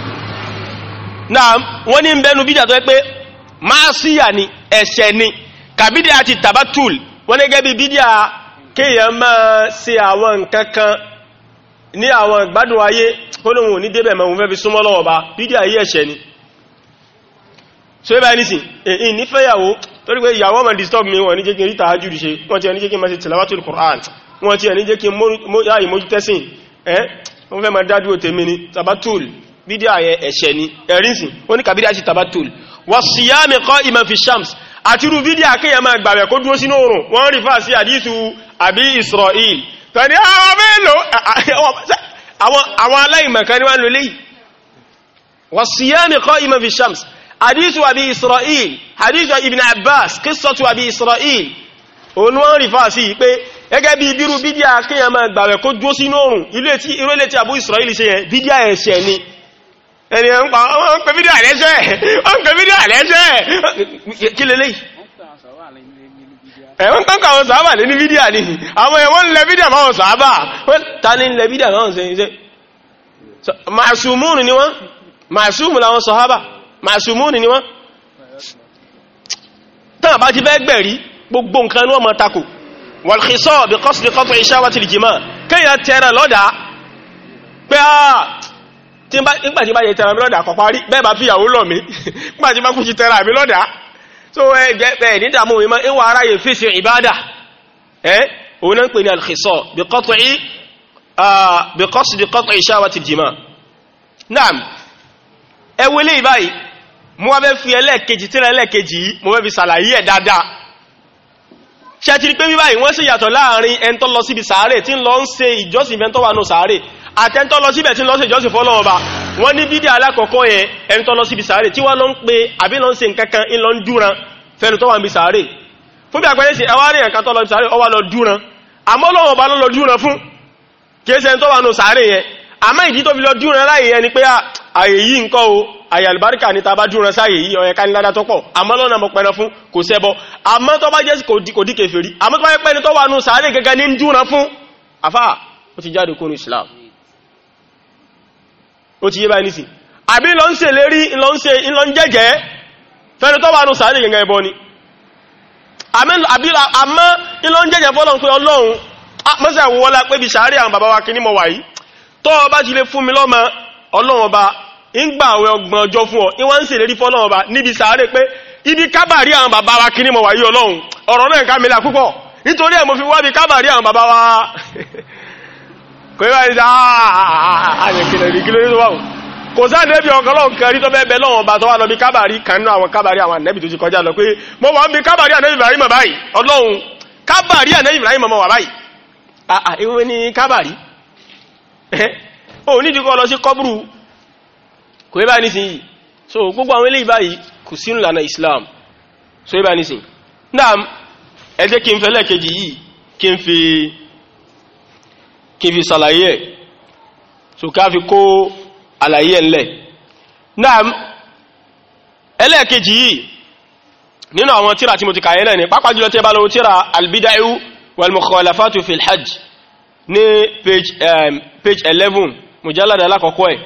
náà wọ́n ní bẹnu bídà tó yẹ pé máa síyà ni ẹ̀ṣẹ̀ ni kàbídà ti tabatul wọ́n ní gẹ́bí bídà kéèyàn máa ṣe àwọn nǹkan kan ní àwọn ìgbádùn ayé kólóhùn ní débẹ̀ mọ̀ fẹ́ fi súnmọ́ lọ́wọ́ bá bídà yí ẹ̀ṣẹ̀ ni so ẹ báyìí nísìn èyí nífẹ́yàwó torí pé ìyàwó disturb mi wọ́n ní jẹ́ kí n rí tàájú ṣe wọ́n ti ẹni jẹ́ kí n máa ṣe tìlàwátò Qur'an wọ́n ti ẹni jẹ́ tabatul bídíà yẹn ẹ̀ṣẹ̀ ni ẹ̀rínsìn ó ní kàbídíà sí tabatul wọ́n sì yá fi shams àti irú bídíà kéèyàn máa gbàwẹ̀ kó dúró sínú oòrùn wọ́n rí fà sí àdísù àbí Israel tàbí ah, àwọn mélòó àwọn aláìmọ̀kan ni wọ́n lò léyìí wọ́n sì yá fi shams àdísù àbí Israel àdísù Ibn Abbas kíṣọ́tù àbí Israel òun wọ́n rí fà sí pé gẹ́gẹ́ bí bírú bídíà kéèyàn máa gbàwẹ̀ kó dúró sínú oòrùn ilé tí abú Israel ṣe yẹn bídíà ẹ̀ṣẹ̀ ni ẹni ẹ̀ ń pa wọ́n ń pè fídíò àlẹ́ṣẹ́ wọ́n ń pè fídíò àlẹ́ṣẹ́ kí lélẹ́ yìí ẹ̀wọ́n tọ́kọ̀ àwọn sàábà lé ní fídíò ní àwọn ẹ̀wọ́n lẹ fídíò máwọn sàábà ta ní lẹ fídíò máwọn sẹ́yìn sẹ́ màṣùmúnù ni wọ́n màṣùmù làwọn sàábà màṣùmúnù ni wọ́n tán àbá ti fẹ́ gbẹ̀rí gbogbo nǹkan ní wọ́n máa takò wàlùkìsọ́ bí kọ́sìdì kọ́tọ̀ iṣẹ́ wá ti lè jìmá kéèyàn tẹ́ràn lọ́dàá pé ah, tí n bá nígbà tí n bá yẹ tẹ̀ra mi lọ́dà kọ̀ parí bẹ́ẹ̀ bá fìyàwó lọ̀ mí nígbà tí bá kú ti tẹ̀ra mi lọ́dà so ẹ jẹ́ ẹ ní dààmú mi mọ́ ń wà aráyè fèsì ìbádà ẹ òun náà ń pè ní alxisọ bìkọ́sì bìkọ́sì ìṣáwá ti jìmá naam ẹ wọlé ìbáyìí mo wá fẹ́ fi ẹlẹ́ẹ̀kejì tí ẹlẹ́ẹ̀kejì yìí mo fẹ́ fi ṣàlàyé ẹ̀ dáadáa ṣe ti rí pé bíbáyìí wọ́n sì yàtọ̀ láàrin ẹni lọ síbi sàárè tí ń lọ ń ṣe ìjọsìn ìfẹ́ tó sàárè àtẹ́ntọ́ lọ síbẹ̀ tí lọ́sẹ̀ ìjọsìn fọ́lọ́wọ́ bá wọ́n ní bídí alákọ̀ọ́kọ́ yẹn ẹni tọ́ lọ síbi sàárè tí wọ́n lọ ń pe àbí lọ ń ṣe nǹkankan ń lọ ń dúran fẹ́nu tó wà ń bi sàárè fún bí àpẹẹrẹ sí ẹwà rèèyàn kan tọ́ lọ sàárè ni pé ah, àyè yìí nǹkan ni ta bá dúran sáyè yìí ọ̀yẹ̀ ká ní ládá tó pọ̀ àmọ́ lọ́nà mo pẹran fún kò ṣẹbọ àmọ́ tó bá jẹ́ kò dí ó ti jáde kúrò Islam ó ti yé báyìí nísì àbí lọ ń ṣe lérí lọ ń jẹ́jẹ́ fẹ́ni tó wà ní sàárè gẹ̀gẹ̀ ẹbọ ni àmọ́ ilọ ń jẹ́jẹ́ fọ́lọ́n pé ọlọ́run mọ́sẹ̀ wọ́lá pé bí sàárè àwọn bàbá wa kí ní mọ̀ wà yìí tó bá ti lè fún mi lọ́mọ ọlọ́run ọba ń gbà àwẹ̀ ọgbọ̀n ọjọ́ fún ọ ìwọ́n ń ṣe lérí fọ́lọ́run ọba níbi sàárè pé kò yíwá ní àyẹ̀kìlẹ̀ rí kí lórí tó wà kò sáà nẹ́bí ọ̀kan lọ́wọ́ kan rí tó bẹ́ẹ̀ bẹ́ẹ̀ lọ́wọ́ bá tó wà lọ bí kábàárí kan nínú àwọn kábàárí àwọn ànẹ́bí tó ti kọjá lọ pé mo wà bí kábàárí ànẹ́bí Ibrahim báyìí ọlọ́run kábàárí ànẹ́bí Ibrahim mọ̀ wà báyìí àà ewé Islam so kí fi ṣàlàyé ẹ̀ so ká fi kó àlàyé ẹ̀lẹ̀ náà ẹlẹ́ẹ̀kejì yìí nínú àwọn tíra tí mo ti kàyẹ́ ní pápá jùlọ tí ẹ bá lọ tíra albidaiu walmukhalafatu fil hajj ní page ehm, page 11 mujallada alákọ̀ọ́kọ́ ẹ̀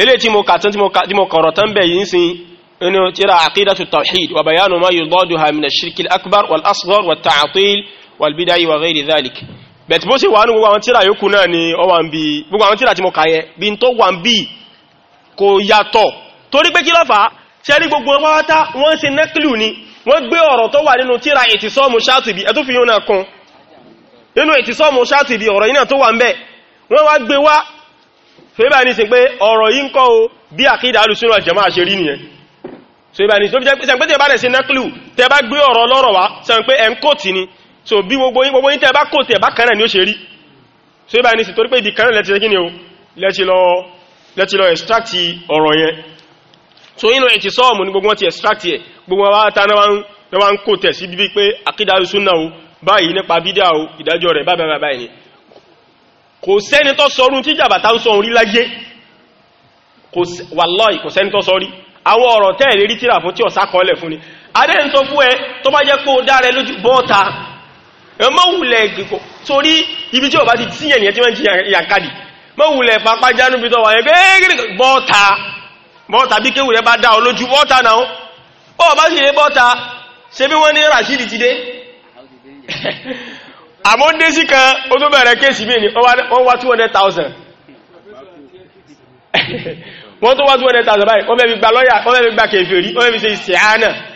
eléyìí tí mo kà tán tí mo kọ̀rọ̀ tán bẹ̀ yìí ń sin انه ترى عقيده التوحيد وبيان ما يضادها من الشرك الاكبر والاصغر والتعطيل والبدع وغير ذلك bẹ̀t bó sì wà ní gbogbo àwọn tíra yòókù náà ni ọ wà ń bí gbogbo àwọn tíra tí mo kà yẹn bí n tó wà ń bí kò yàtọ̀ torí pé kí ló ṣe rí gbogbo pátá wọ́n ṣe nẹ́kìlù ni wọ́n gbé ọ̀rọ̀ tó wà nínú tíra ìtìsọ́ọ̀mù Ṣáàtìbí ẹ tó fi yóò náà kún nínú ìtìsọ́ọ̀mù Ṣáàtìbí ọ̀rọ̀ yìí náà tó wà ń bẹ̀ wọ́n wá gbé wá fẹ́bà ní sin pé ọ̀rọ̀ yìí ń kọ́ o so bí gbogbo yín gbogbo yín tẹ́ bá kò tẹ́ bá kan ni ó ṣe rí so ibà ní sí torí pé ìdí kan náà lẹ́ti ni o lẹ́ti lọ lẹ́ti ọ̀rọ̀ yẹn so inú ẹ̀ ti sọ́ọ̀mù ní gbogbo wọn ti extract ẹ̀ gbogbo wọn wá ta náà wá ń kò tẹ̀ sí bíbí pé àkídà súnà o báyìí nípa bídà o ìdájọ́ rẹ̀ báyìí báyìí báyìí ni kò sẹ́ni tó sọrún tí jàbàtà ń sọ orí láyé wàláì kò sẹ́ni tó sọrí àwọn ọ̀rọ̀ tẹ́ẹ̀lérí tíra fún tí ẹ má wulẹ̀ gẹ̀kọ́ torí ibi tí ọba ti tí ẹ̀nìyàn tí wọ́n jí ìyàkadì má wulẹ̀ pápá jánú bí tọ́wà ẹgbẹ́ bọ́ta bọ́ta bí kéwù rẹ bá dá olójú bọ́ta náà ó bá sì lé bọ́ta ṣe bí wọ́n ní Rashidi ti dé àmọ́dé sí kan ó tó bẹ̀rẹ̀ kéèsì mí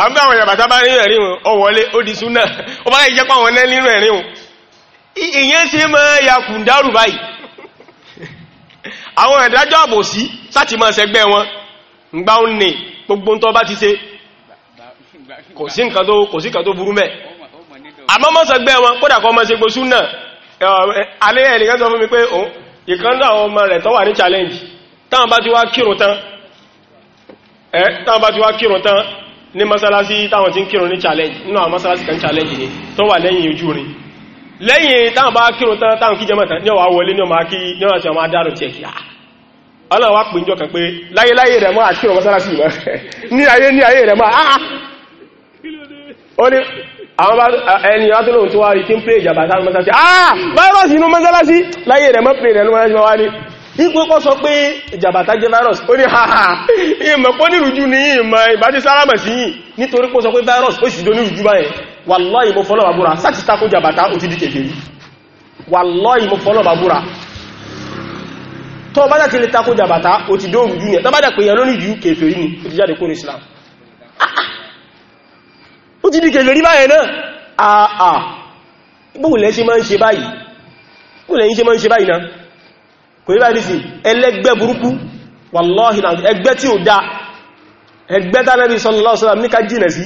àwọn bí àwọn ìyàbàtà bá nínú ẹ̀rin ọwọ́lé ó di súnà ó bá ìjẹ́pá wọn náà nínú ẹ̀rin ìyẹn sí mọ́ ya kùndárù báyìí àwọn ìdájọ́ àbòsí sáti máa sẹgbẹ́ wọn ngbá ń ní gbogbo tọ́ bá ti ṣe kò sí nǹkan tó burú mẹ́ bá ti wá tán ní masalasi táwọn ti ń kírun ní challenge nínú àwọn masalasi kan challenge ni tó wà lẹ́yìn ojú rin lẹ́yìn táwọn bá kírun tán táwọn kíjẹ mọ̀tán ní ọwà wọlé ní ọmọ akí ní ọ̀nà tí ọmọ adáró ẹ̀kì ah, ọlọ́run wá pè pé láyéláyé rẹ̀ mọ́ àti kírun masalasi mọ́ ní ayé ní ayé rẹ̀ mọ́ àá ah, ah. ó ní àwọn ẹni àtúnlòun tó wá rí tí ń pè ìjàmbá sáré masalasi masalasi láyé rẹ̀ mọ́ pè masalasi wá ipò kọ́ sọ pé ìjàbàtà jẹ́ virus ó ní haha ìmọ̀ pọ́ ní ìrújú ní ìmọ̀ ìbájí sálámà sí yìí nítorí pọ́ sọ pé virus ó sì dó ní ìrújú báyẹn wallahi mo fọ́lọ̀ bàbúra sáti tako jàbàtà ó ti di kèfèrí wallahi mo fọ́lọ̀ bàbúra tó bá dà ti lè tako jàbàtà ó ti ni ó ti jáde kó ní Islam ah, ah. ó ti di kèfèrí báyẹn náà àà gbóhùn lẹ́ ṣe máa ń ṣe báyìí náà kò ní báyìí sí ẹlẹ́gbẹ́ burúkú wàláhì ẹgbẹ́ tí ó dá ẹgbẹ́ jìnà sí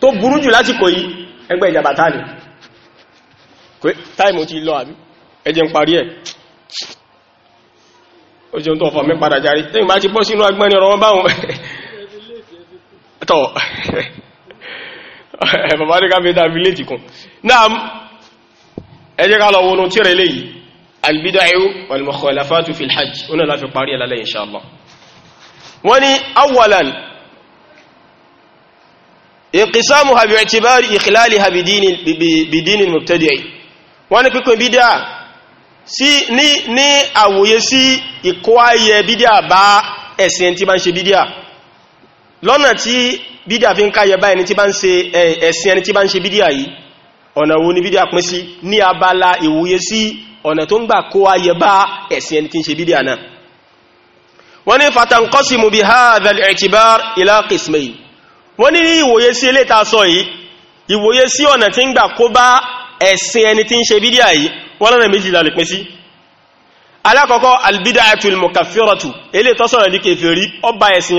tó burú jù láti kò yí ẹgbẹ́ ìjàbà tánì táìmù lọ àbí ẹjẹ́ ń parí ẹ̀ ó jẹun tó padà járí tẹ́yìn bá ti bọ́ sínú agbẹ́ni ọ̀rọ̀ wọn báwọn tọ́ ẹ̀bàbá ní albid'u wal mukhalafatu fil hajj ona la fi parí alale insha Allah wani awwalan inqisamuha bi i'tibari ikhlaliha bi dinin bi dinin mubtadi'i wani piko bid'a si ni ni àwòye sí ikoaye bid'a bá ẹ̀sìn tí ban ṣe bid'a lọ́nà tí bid'a fi nkaye bá ẹni tí ban ṣe ẹ̀sìn ẹni tí ban ṣe bid'a yìí ọ̀nà wo ni bid'a pín sí ní abala ìwòye sí ọ̀nà tó ń gbà kó ayẹ bá ẹ̀sìn ẹni tí ń ṣe bídíà náà wọ́n ní fatanqasimu bi hadha al-i'tibar ila qismayn wọ́n ní ìwòye sí ilé ta sọ yìí ìwòye sí ọ̀nà tí ń gbà kó bá ẹ̀sìn ẹni tí ń ṣe bídíà yìí wọ́n lọ́nà méjì la lè pín sí alákọ̀ọ́kọ́ albidaatul mukaffiratu ilé tó sọ̀rọ̀ di kèfèrí ó bà ẹ̀sìn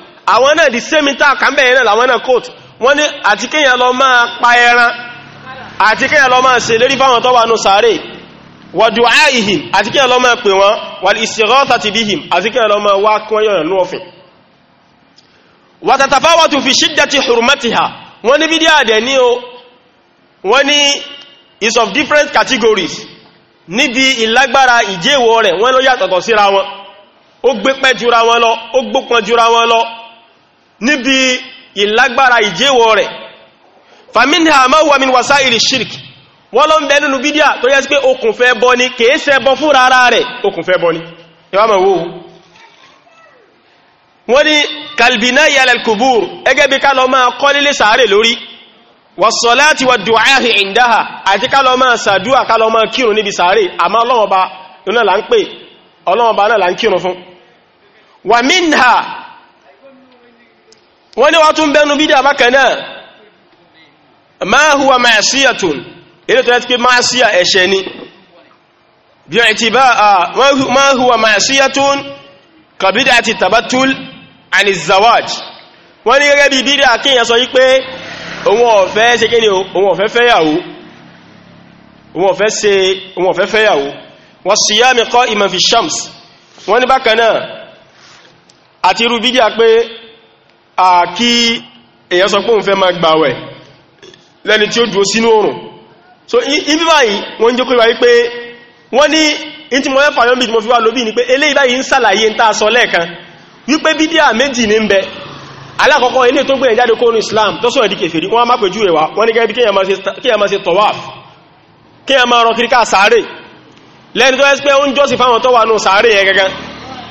àwọn náà di sẹ́mítà kàmbẹ̀yẹn náà làwọn náà court wọ́n ní àti kíyàn lọ máa pa ẹran àti kíyàn lọ máa ṣe lérí fáwọn tó wà nù sàárè wa du'aihim àti kíyàn lọ máa pè wọ́n wal istighathati bihim àti kíyàn lọ máa wá kún ẹyọ̀ nù ọ̀fìn wa tatafawatu fi shiddati hurmatiha wọ́n ní bídíà dẹ̀ ní o wọ́n ní is of different categories níbi ìlágbára ìjẹ́wọ̀ rẹ̀ wọ́n ló yàtọ̀tọ̀ síra wọn ó gbé pẹ́ jura wọn lọ ó gbópọn jura wọn lọ níbi ìlágbára ìjẹ́wọ̀ rẹ̀ faminha ma huwa min wasaili shirk wọ́n lọ ń bẹ nínú bídíà tó yẹ sí pé okùn fẹ́ bọ́ ní kìí ṣe bọ́ fún rárá rẹ̀ okùn fẹ́ bọ́ ní ẹwà wọ́n ni kalbina yalal kubur ẹgẹ́ bí kálọ máa kọ́lílé sàárè lórí wàsọ̀láti wà dùáhì ìndáhà àti kálọ máa sàdúà kálọ máa kírun níbi sàárè àmá ọlọ́wọ̀ba náà là ń wọ́n ní wọ́n tún bẹnu bídá bákan náà ma huwa ma'siyatun ilé tó lẹ́tíkí ma'síyà ẹ̀ṣẹ̀ ni bí i ti bá a ma huwa ma'siyatun ka bídá ti tabatul anizawaj wọ́n ní gẹ́gẹ́ bí bídá kíyàn sọ wípé òun ọ̀fẹ́ ṣe kí ni òun ọ̀fẹ́ fẹ́yàwó kí èyàn sọ pé òun fẹ́ máa gbàwẹ̀ lẹ́ni tí ó dúró sínú oòrùn so ibi báyìí wọ́n jẹ́ kó wáyé pé wọ́n ní in ti mọ́ ẹ́fà yọ́n bí i mo fi wá lóbi ní pé eléyìí báyìí ń sàlàyé ń tàà sọ lẹ́ẹ̀kan wípé bídíà méjì ní ń bẹ alákọ̀ọ́kọ́ ilé tó gbẹ̀yẹ̀ jáde kóòrùn Islam tó sọ̀rọ̀ di kèfèrí wọ́n má pèjú rẹ̀ wá wọ́n ní gẹ́bí kíyà máa ṣe tọ̀wáf kíyà máa rọ kíríkà sáré lẹ́ni tó ẹ́sì pé ó ń jọ́sìn fáwọn tó wà nù sáré yẹn gẹ́gẹ́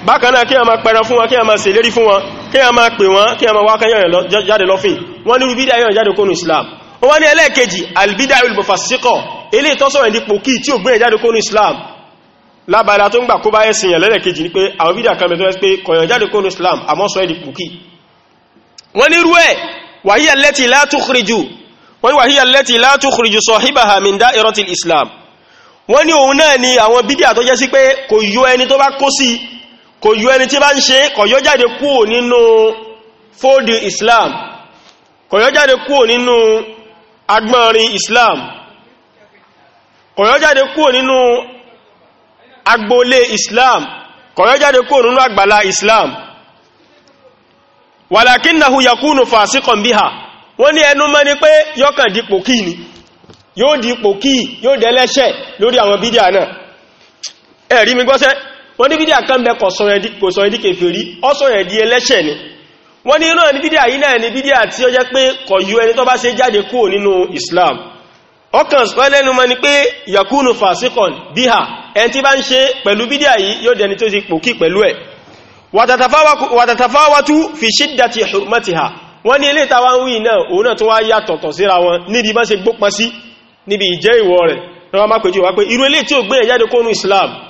bákan náà kí a máa pè wọ́n kí a máa wákan yọ̀yàn jáde lọ́fìn wọ́n ní rúbídà yọ̀yàn jáde kónú Islam ó wá ní ẹlẹ́ẹ̀kejì albídà olùbọ̀fàsíkọ̀ ilé ìtọ́sọ̀rọ̀ ìdípò kí tí ó gbé jáde kónú Islam lábàlá tó ń gbà kó bá ẹ̀sìn yàn lẹ́lẹ́kejì ni pé àwọn bídà kan mẹ́tọ́ pé kọ̀yàn jáde kónú Islam àmọ́ sọ ìdípò kí wọ́n ní rú ẹ̀ wàhí alẹ́tì látúkùrìjù wọ́n ní wàhí pé kò yọ ẹni tí bá ń ṣe kò jáde kúò nínú fóòdì islam kò yọ jáde kúò nínú agbọ́nrin islam kò yọ jáde kúò nínú agboolé islam kò yọ jáde kúò nínú àgbàlá islam walakinnahu yakunu fasiqan biha wọ́n ní ẹnu mọ́ ni pé yọ́kàn dípò kí ni yóò dípò kí yóò dẹ́lẹ́ṣẹ̀ lórí àwọn bídíà náà ẹ̀rí wọ́n ní bídíà kan bẹ kò sọ ẹ̀dí kèfèrí ó sọ ẹ̀dí ẹlẹ́ṣẹ̀ ni wọ́n ní inú ẹni bídíà yìí náà ni bídíà tí ó jẹ́ pé kò yú ẹni tó bá ṣe jáde kúrò nínú Islam ọkàn sọ lẹ́nu mọ́ ni pé yakunu fasikon bíhà ẹni tí bá ń ṣe pẹ̀lú bídíà yìí yóò dẹni tó ti pòkí pẹ̀lú ẹ̀ wàtàtàfáwàtú fi ṣídàtì hurmatiha wọ́n ní ilé ìtawà ń wí náà òun náà tó wá yàtọ̀tọ̀ síra wọn níbi bá ìjẹ́ ìwọ̀ rẹ̀ rọ́wọ́ má pèjú pé irú ilé tí ó gbé ẹ̀jáde Islam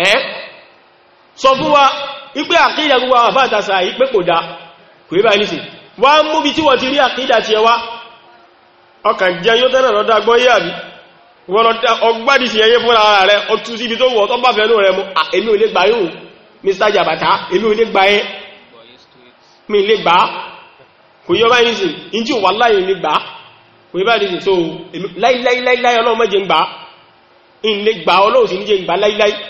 ẹ́ sọ fún wa ipé àkídà gbogbo àwọn àfáà tàṣà yìí pé kò dá kò rí bá ní sí wá ń múbi tí wọ́n ti rí àkídà ti ẹwà ọkàn jẹ́ yóò tẹ́lẹ̀ lọ́dá gbọ́ yà bí wọ́n ọgbádì sí ẹyẹ fún ara rẹ̀ ó tú síbi tó wọ́ tó lè gbà yóò Mr. Jabata èmi ò lè gbà ẹ́ mi lè gbà kò yọ bá ní sí injí wà láyé lè gbà kò yọ bá ní sí so láíláíláí ọlọ́run mẹ́jẹ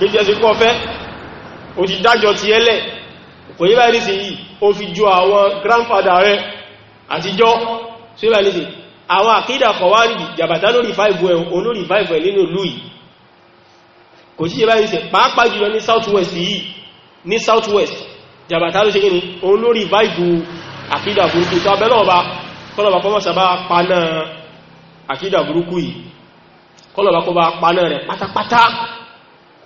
bí jẹ́ sí kọ́ fẹ́ o ti dájọ́ ti ẹlẹ̀ kò yí báyìí sí yìí o fi ju àwọn grandfather rẹ àtijọ́ sí báyìí sí àwọn àkídà kọwàrí jàbàtà lórí fáìbù ẹ̀ olórí fáìbù ẹ̀ nínú ìlú yìí kò sí yẹ báyìí sí pàápàá jùlọ ní southwest yìí ní southwest jàbàtà ló ṣe kí ni olórí fáìbù àkídà burúkú tó abẹ́ náà kọlọ̀bà kọ́ mọ́sàbá paná àkídà burúkú yìí kọlọ̀bà kọ́ bá paná rẹ̀ pátápátá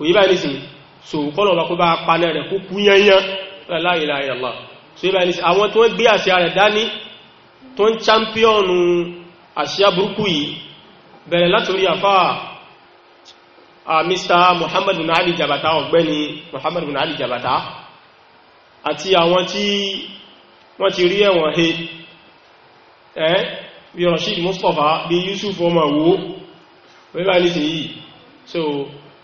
kò yí báyìí nísìn so kọ́nà ọba kó bá paná rẹ̀ kó kú yányán la ilaha illallah so yí báyìí nísìn àwọn tó ń gbé àṣà rẹ̀ dání tó ń championu àṣà burúkú yìí bẹ̀rẹ̀ látòrí àfá Mr. Muhammad bin Ali Jabata ọ̀gbẹ́ni Muhammad bin Ali Jabata àti àwọn tí wọ́n ti rí ẹ̀wọ̀n he ẹ́ bí Rashid Mustapha bí Yusuf ọmọ wo wọ́n bá ní sí yìí so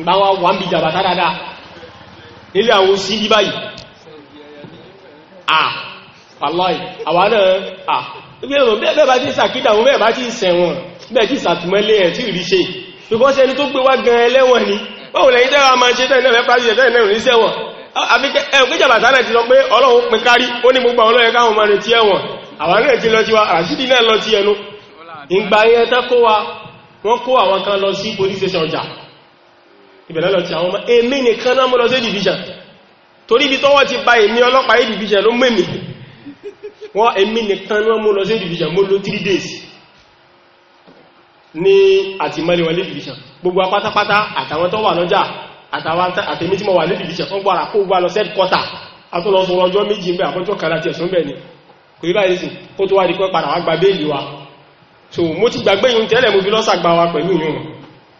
ìgbà wa wà ń bí jàbàtà dáadáa nílé àwọn sí bí báyìí ah aláì àwa náà ah bẹ́ẹ̀ bá ti sàkídà wọn bẹ́ẹ̀ bá ti sẹ̀wọ̀n bẹ́ẹ̀ ti sàtúmọ́lé ẹ̀ tí rí ṣe ìkọ́sẹ́ ẹni tó gbé wá gan ẹlẹ́wọ̀n ni báwọn lẹ́yìn tẹ́wàá máa ṣe tẹ́ẹ̀ náà pàṣẹ tẹ́ẹ̀ náà rí sẹ́wọ̀n àfikẹ́ ẹ̀kẹ́jàbà sálẹ̀ ti lọ pé ọlọ́run pín kárí ó ní gbogbo ọlọ́yẹ káwọn máa retí ẹ̀wọ̀n àwọn náà ti lọ ti wa àṣídì náà lọ ti ẹnu ìgbà yẹn tẹ́ kó wa wọ́n kó àwọn kan lọ sí police station ọjà ìbẹ̀lẹ̀ lọ ti àwọn ọmọ èmì nìkan náà mọ́lọ sí division torí ibi tọ́wọ́ ti bá èmì ọlọ́pàá yìí division ló mẹ́mì wọ́n èmì nìkan náà mọ́lọ sí division mọ́lọ 3 days ní àtìmọ́lẹ̀wọlé division gbogbo apátápátá àtàwọn tó wà lọ́jà àtẹ̀mí tí mo wà division fún gbára kó gbá lọ sẹ́dkọ́tà àtúnlọ́sọ ọjọ́ méjì ń bẹ́ àpọ́jọ́ ni kò yí báyìí sí kó tó so mo ti gbàgbé yìí tẹ́lẹ̀ mo fi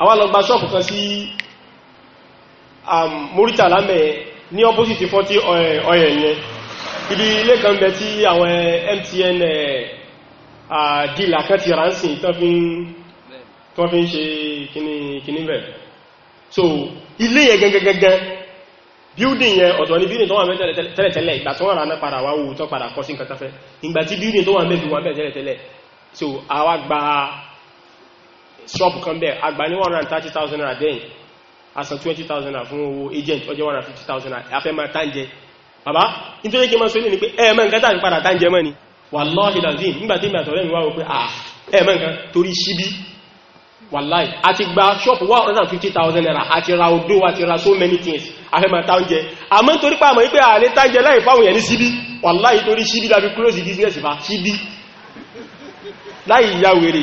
àwa lọ gba ṣọ́ọ̀pù kan sí Murità um, lámẹ́ ní opposite fọ́tí ọyẹ̀ eh, yẹn ibi ilé kan bẹ tí àwọn MTN dìlà kan ti ránṣìn tán fi ń ṣe kìíní bẹ̀ so ilé yẹn gẹ́gẹ́gẹ́gẹ́ building yẹn ọ̀tọ̀ ni building tó wà mẹ́tẹ̀lẹ̀ tẹ́lẹ̀tẹ́lẹ̀ ìgbà tó wà rán padà wá wù tó padà kọ́ sí nǹkan tafẹ́ ìgbà tí building tó wà mẹ́bí wà so àwa gba ṣọ́ọ̀bù kan bẹ́ẹ̀ agbà ní 130,000 naira dẹ́yìn asan 20,000 naira fún owó agent ọjọ́ 150,000 naira afẹ́ máa tánjẹ bàbá nítorí kí máa sọ ní pé ẹ̀ẹ̀mọ́ nǹkan tàbí padà tánjẹ mọ́ ni wàláhì lazim nígbàtí ìgbà tọ̀rẹ́ mi wá wọ pé ah, ẹ̀ẹ̀mọ́ nǹkan torí ṣíbí wàláhì àti gba ṣọ́ọ̀pù 150,000 naira àti ra odó àti ra so many things afẹ́ máa tánjẹ àmọ́ nítorí pàmọ́ wípé àlẹ́ tánjẹ láì fáwọn yẹn ní ṣíbí wàláhì torí ṣíbí láfi close business bá ṣíbí láì yá wèrè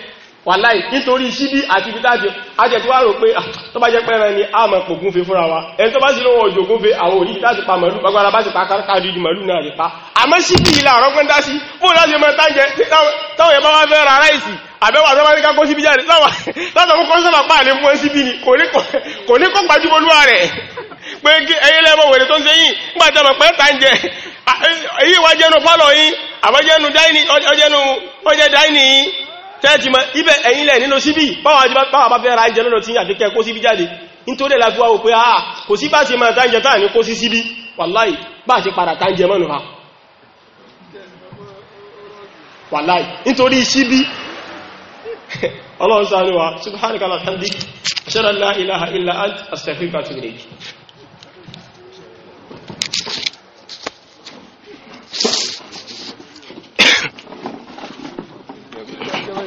wàláì nítorí síbí àti ìbítájì ajẹ̀tíwà pé ah, tó bá jẹ́ pẹ́ran ni a mọ̀ pò gúnfe fúnra wa ẹni tó bá sí lọ́wọ́ òjò gúnfe àwọn òní láti pa màlúù gbogbo bá sì pa káàdì màlúù náà lè pa àmọ́ síbí ìlà ọ̀rọ̀gbọ́n dá sí fún láti mọ́ tájẹ táwọn ẹ̀bá wá fẹ́ ra ráìsì àbẹ́wà tó bá ní kákó síbí jáde látọ̀kún kọ́ sọ́nà pààlé fún síbí ni kò ní kọ́ gbajúmọ̀ olúwa rẹ̀ pé ẹyẹ lẹ́mọ̀ wèrè tó ń ṣe yìí gbàjọmọ̀ pẹ́ ta ń jẹ èyí wá jẹ́nu pálọ̀ yìí àbọ́jẹ́nu dáìní ọjẹ́ dáìní yìí tẹ́jìmọ̀ ibẹ̀ ẹ̀yìn nínú síbí báwa bá fẹ́ ra ìjẹ lọ́nà tí àfikẹ́ kó síbí jáde nítorí lágbúwá ò pé àà ah, kò sí bá máa tánjẹ táà ní kó sí síbí wàláì bá padà tánjẹ mọ́nù ha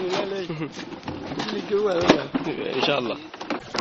ان شاء الله